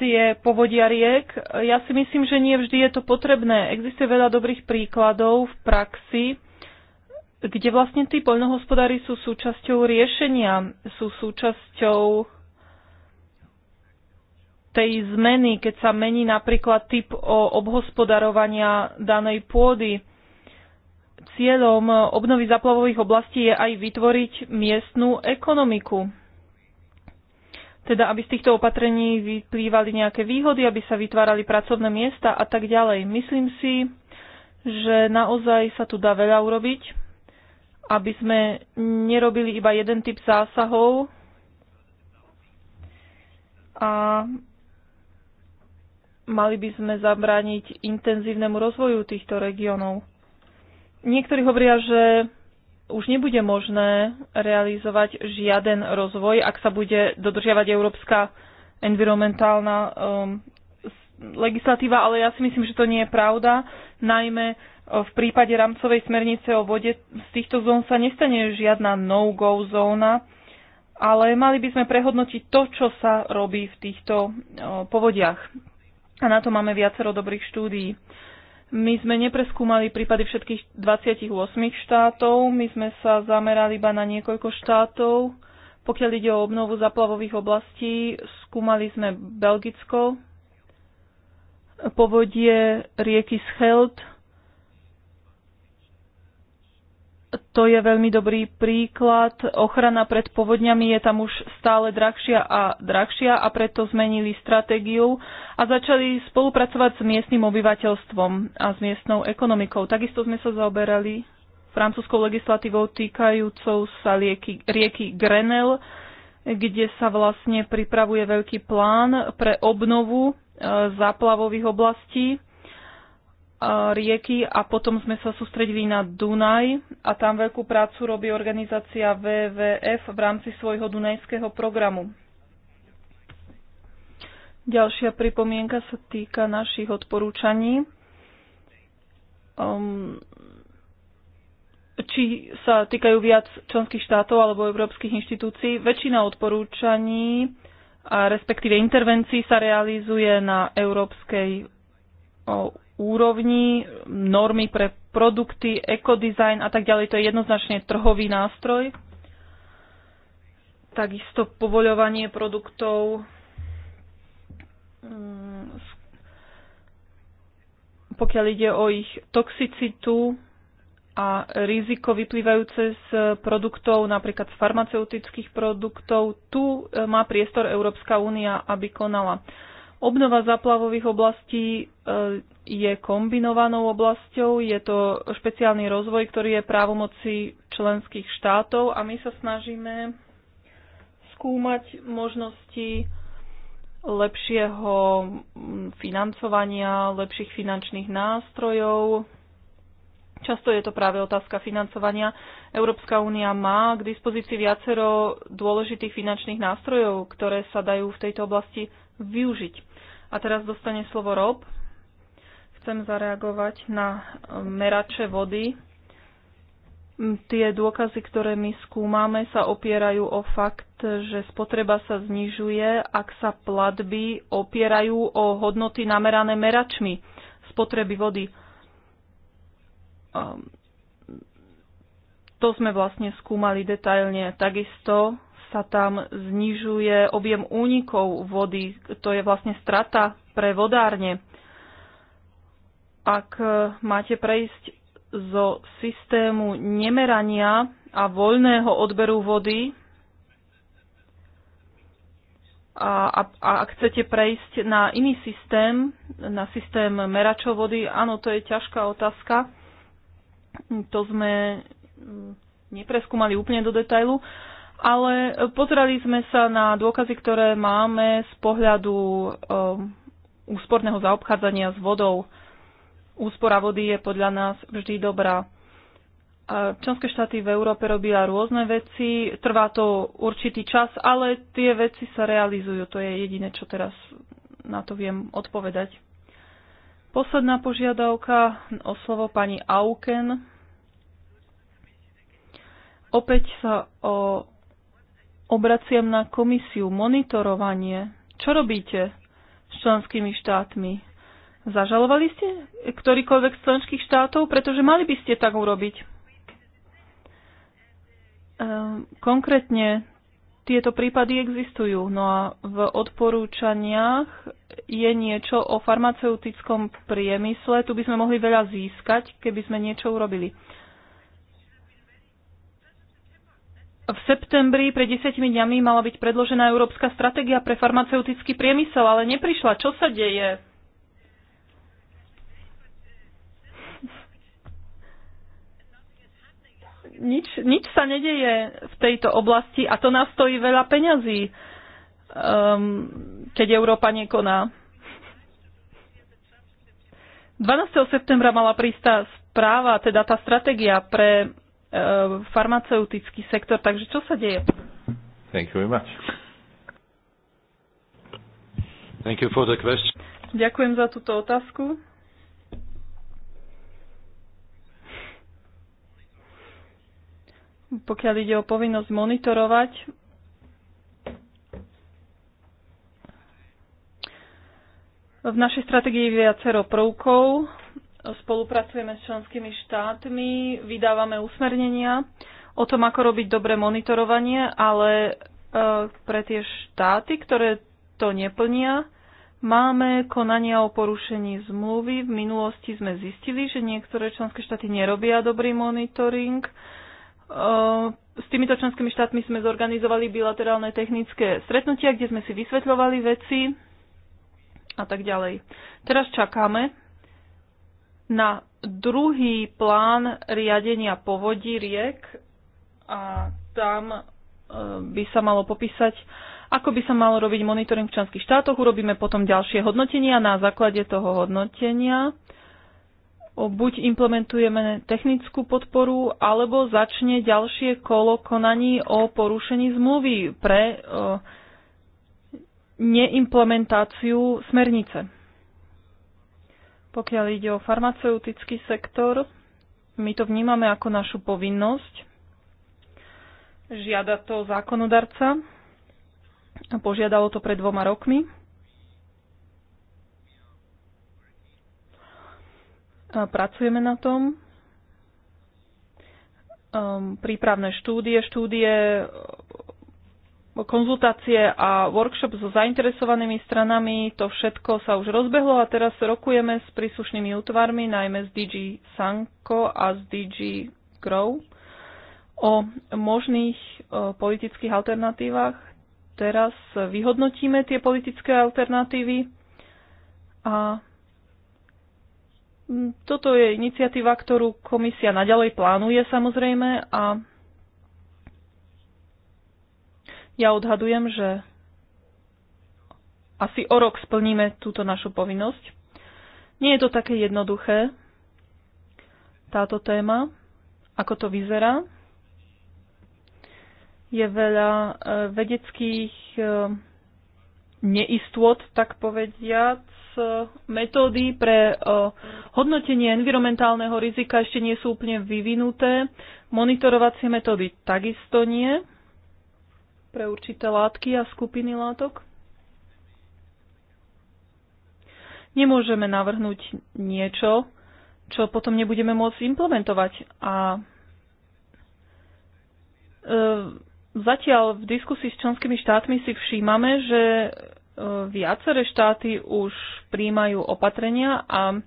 tie povodia riek. Ja si myslím, že nie vždy je to potrebné. Existuje veľa dobrých príkladov v praxi, kde vlastne tí poľnohospodári sú súčasťou riešenia, sú súčasťou tej zmeny, keď sa mení napríklad typ obhospodarovania danej pôdy. Cieľom obnovy zaplavových oblastí je aj vytvoriť miestnú ekonomiku teda aby z týchto opatrení vyplývali nejaké výhody, aby sa vytvárali pracovné miesta a tak ďalej. Myslím si, že naozaj sa tu dá veľa urobiť, aby sme nerobili iba jeden typ zásahov a mali by sme zabrániť intenzívnemu rozvoju týchto regiónov. Niektorí hovoria, že už nebude možné realizovať žiaden rozvoj, ak sa bude dodržiavať európska environmentálna um, legislatíva, ale ja si myslím, že to nie je pravda. Najmä uh, v prípade rámcovej smernice o vode z týchto zón sa nestane žiadna no-go zóna, ale mali by sme prehodnotiť to, čo sa robí v týchto uh, povodiach. A na to máme viacero dobrých štúdií. My sme nepreskúmali prípady všetkých 28 štátov, my sme sa zamerali iba na niekoľko štátov. Pokiaľ ide o obnovu zaplavových oblastí, skúmali sme Belgicko, povodie rieky Scheldt, to je veľmi dobrý príklad. Ochrana pred povodňami je tam už stále drahšia a drahšia a preto zmenili stratégiu a začali spolupracovať s miestnym obyvateľstvom a s miestnou ekonomikou. Takisto sme sa zaoberali francúzskou legislatívou týkajúcou sa lieky, rieky Grenel, kde sa vlastne pripravuje veľký plán pre obnovu e, záplavových oblastí E, rieky a potom sme sa sústredili na Dunaj a tam veľkú prácu robí organizácia WWF v rámci svojho dunajského programu. Ďalšia pripomienka sa týka našich odporúčaní. Um, či sa týkajú viac členských štátov alebo európskych inštitúcií. Väčšina odporúčaní a respektíve intervencií sa realizuje na európskej úrovni, normy pre produkty, ekodizajn a tak ďalej. To je jednoznačne trhový nástroj. Takisto povoľovanie produktov mm, pokiaľ ide o ich toxicitu a riziko vyplývajúce z produktov, napríklad z farmaceutických produktov, tu e, má priestor Európska únia, aby konala. Obnova zaplavových oblastí e, je kombinovanou oblasťou, je to špeciálny rozvoj, ktorý je právomoci členských štátov a my sa snažíme skúmať možnosti lepšieho financovania, lepších finančných nástrojov. Často je to práve otázka financovania. Európska únia má k dispozícii viacero dôležitých finančných nástrojov, ktoré sa dajú v tejto oblasti využiť. A teraz dostane slovo Rob. Chcem zareagovať na eh, merače vody. Mm, tie dôkazy, ktoré my skúmame, sa opierajú o fakt, že spotreba sa znižuje, ak sa platby opierajú o hodnoty namerané meračmi spotreby vody. Ehm, to sme vlastne skúmali detailne. Takisto sa tam znižuje objem únikov vody. To je vlastne strata pre vodárne. Ak e, máte prejsť zo systému nemerania a voľného odberu vody a, a, a ak chcete prejsť na iný systém, na systém meračov vody, áno, to je ťažká otázka. To sme mm, nepreskúmali úplne do detailu, ale pozerali sme sa na dôkazy, ktoré máme z pohľadu um, úsporného zaobchádzania s vodou. Úspora vody je podľa nás vždy dobrá. Členské štáty v Európe robia rôzne veci, trvá to určitý čas, ale tie veci sa realizujú. To je jediné, čo teraz na to viem odpovedať. Posledná požiadavka o slovo pani Auken. Opäť sa o obraciam na komisiu monitorovanie. Čo robíte s členskými štátmi? Zažalovali ste ktorýkoľvek z členských štátov? Pretože mali by ste tak urobiť. Ehm, konkrétne tieto prípady existujú. No a v odporúčaniach je niečo o farmaceutickom priemysle. Tu by sme mohli veľa získať, keby sme niečo urobili. V septembri pred desiatimi dňami mala byť predložená európska stratégia pre farmaceutický priemysel, ale neprišla. Čo sa deje? Nič, nič sa nedeje v tejto oblasti a to nás stojí veľa peňazí, um, keď Európa nekoná. 12. septembra mala prísť tá správa, teda tá stratégia pre farmaceutický sektor. Takže čo sa deje? Thank you very much. Thank you for the question. Ďakujem za túto otázku. Pokiaľ ide o povinnosť monitorovať, v našej strategii je viacero prvkov, spolupracujeme s členskými štátmi, vydávame usmernenia o tom, ako robiť dobré monitorovanie, ale e, pre tie štáty, ktoré to neplnia, máme konania o porušení zmluvy. V minulosti sme zistili, že niektoré členské štáty nerobia dobrý monitoring. E, s týmito členskými štátmi sme zorganizovali bilaterálne technické stretnutia, kde sme si vysvetľovali veci a tak ďalej. Teraz čakáme na druhý plán riadenia povodí riek a tam e, by sa malo popísať, ako by sa malo robiť monitoring v členských štátoch. Urobíme potom ďalšie hodnotenia na základe toho hodnotenia. Buď implementujeme technickú podporu, alebo začne ďalšie kolo konaní o porušení zmluvy pre e, neimplementáciu smernice. Pokiaľ ide o farmaceutický sektor, my to vnímame ako našu povinnosť. Žiada to zákonodarca. a Požiadalo to pred dvoma rokmi. A pracujeme na tom. Um, prípravné štúdie, štúdie konzultácie a workshop so zainteresovanými stranami, to všetko sa už rozbehlo a teraz rokujeme s príslušnými útvarmi, najmä s DG Sanko a s DG Grow o možných e, politických alternatívach. Teraz vyhodnotíme tie politické alternatívy a mm, toto je iniciatíva, ktorú komisia naďalej plánuje samozrejme a ja odhadujem, že asi o rok splníme túto našu povinnosť. Nie je to také jednoduché, táto téma, ako to vyzerá. Je veľa e, vedeckých e, neistôt, tak povediac. E, metódy pre hodnotenie environmentálneho rizika ešte nie sú úplne vyvinuté. Monitorovacie metódy takisto nie pre určité látky a skupiny látok? Nemôžeme navrhnúť niečo, čo potom nebudeme môcť implementovať. A e, zatiaľ v diskusii s členskými štátmi si všímame, že e, viaceré štáty už príjmajú opatrenia a e,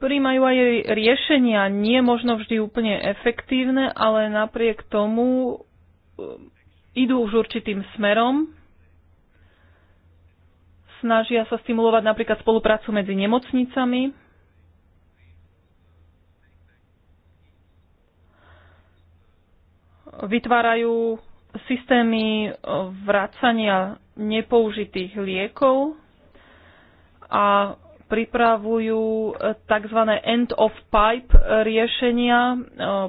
príjmajú aj riešenia. Nie možno vždy úplne efektívne, ale napriek tomu e, idú už určitým smerom, snažia sa stimulovať napríklad spoluprácu medzi nemocnicami, vytvárajú systémy vracania nepoužitých liekov a pripravujú e, tzv. end-of-pipe e, riešenia e,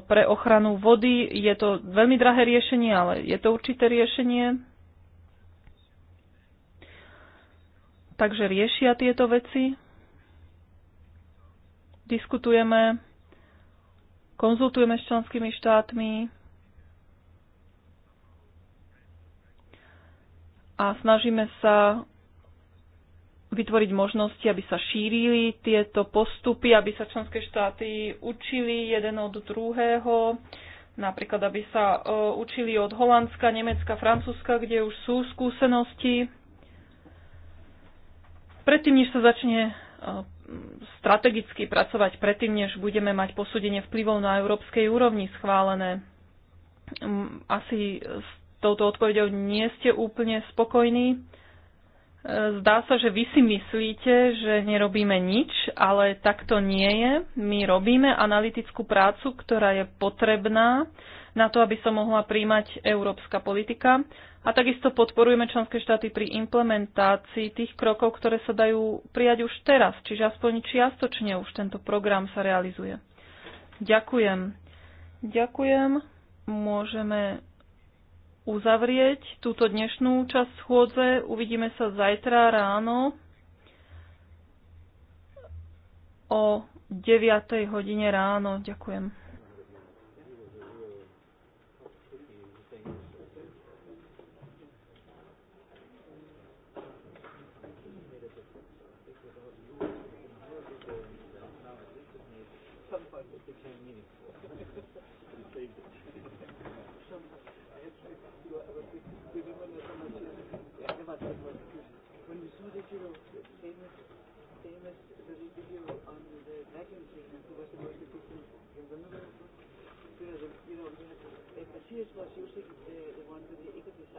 pre ochranu vody. Je to veľmi drahé riešenie, ale je to určité riešenie. Takže riešia tieto veci. Diskutujeme, konzultujeme s členskými štátmi a snažíme sa vytvoriť možnosti, aby sa šírili tieto postupy, aby sa členské štáty učili jeden od druhého, napríklad aby sa e, učili od Holandska, Nemecka, Francúzska, kde už sú skúsenosti. Predtým, než sa začne e, strategicky pracovať, predtým, než budeme mať posúdenie vplyvov na európskej úrovni schválené, mm, asi s touto odpovedou nie ste úplne spokojní Zdá sa, že vy si myslíte, že nerobíme nič, ale tak to nie je. My robíme analytickú prácu, ktorá je potrebná na to, aby sa mohla príjmať európska politika. A takisto podporujeme členské štáty pri implementácii tých krokov, ktoré sa dajú prijať už teraz, čiže aspoň čiastočne už tento program sa realizuje. Ďakujem. Ďakujem. Môžeme uzavrieť túto dnešnú časť schôdze. Uvidíme sa zajtra ráno o 9. hodine ráno. Ďakujem. hero, famous, famous, there is a hero on the vacuum cleaner who was about to put in the middle of the, you know, the, the, the, the, the, the, the, the, the, the one with the ecosystem.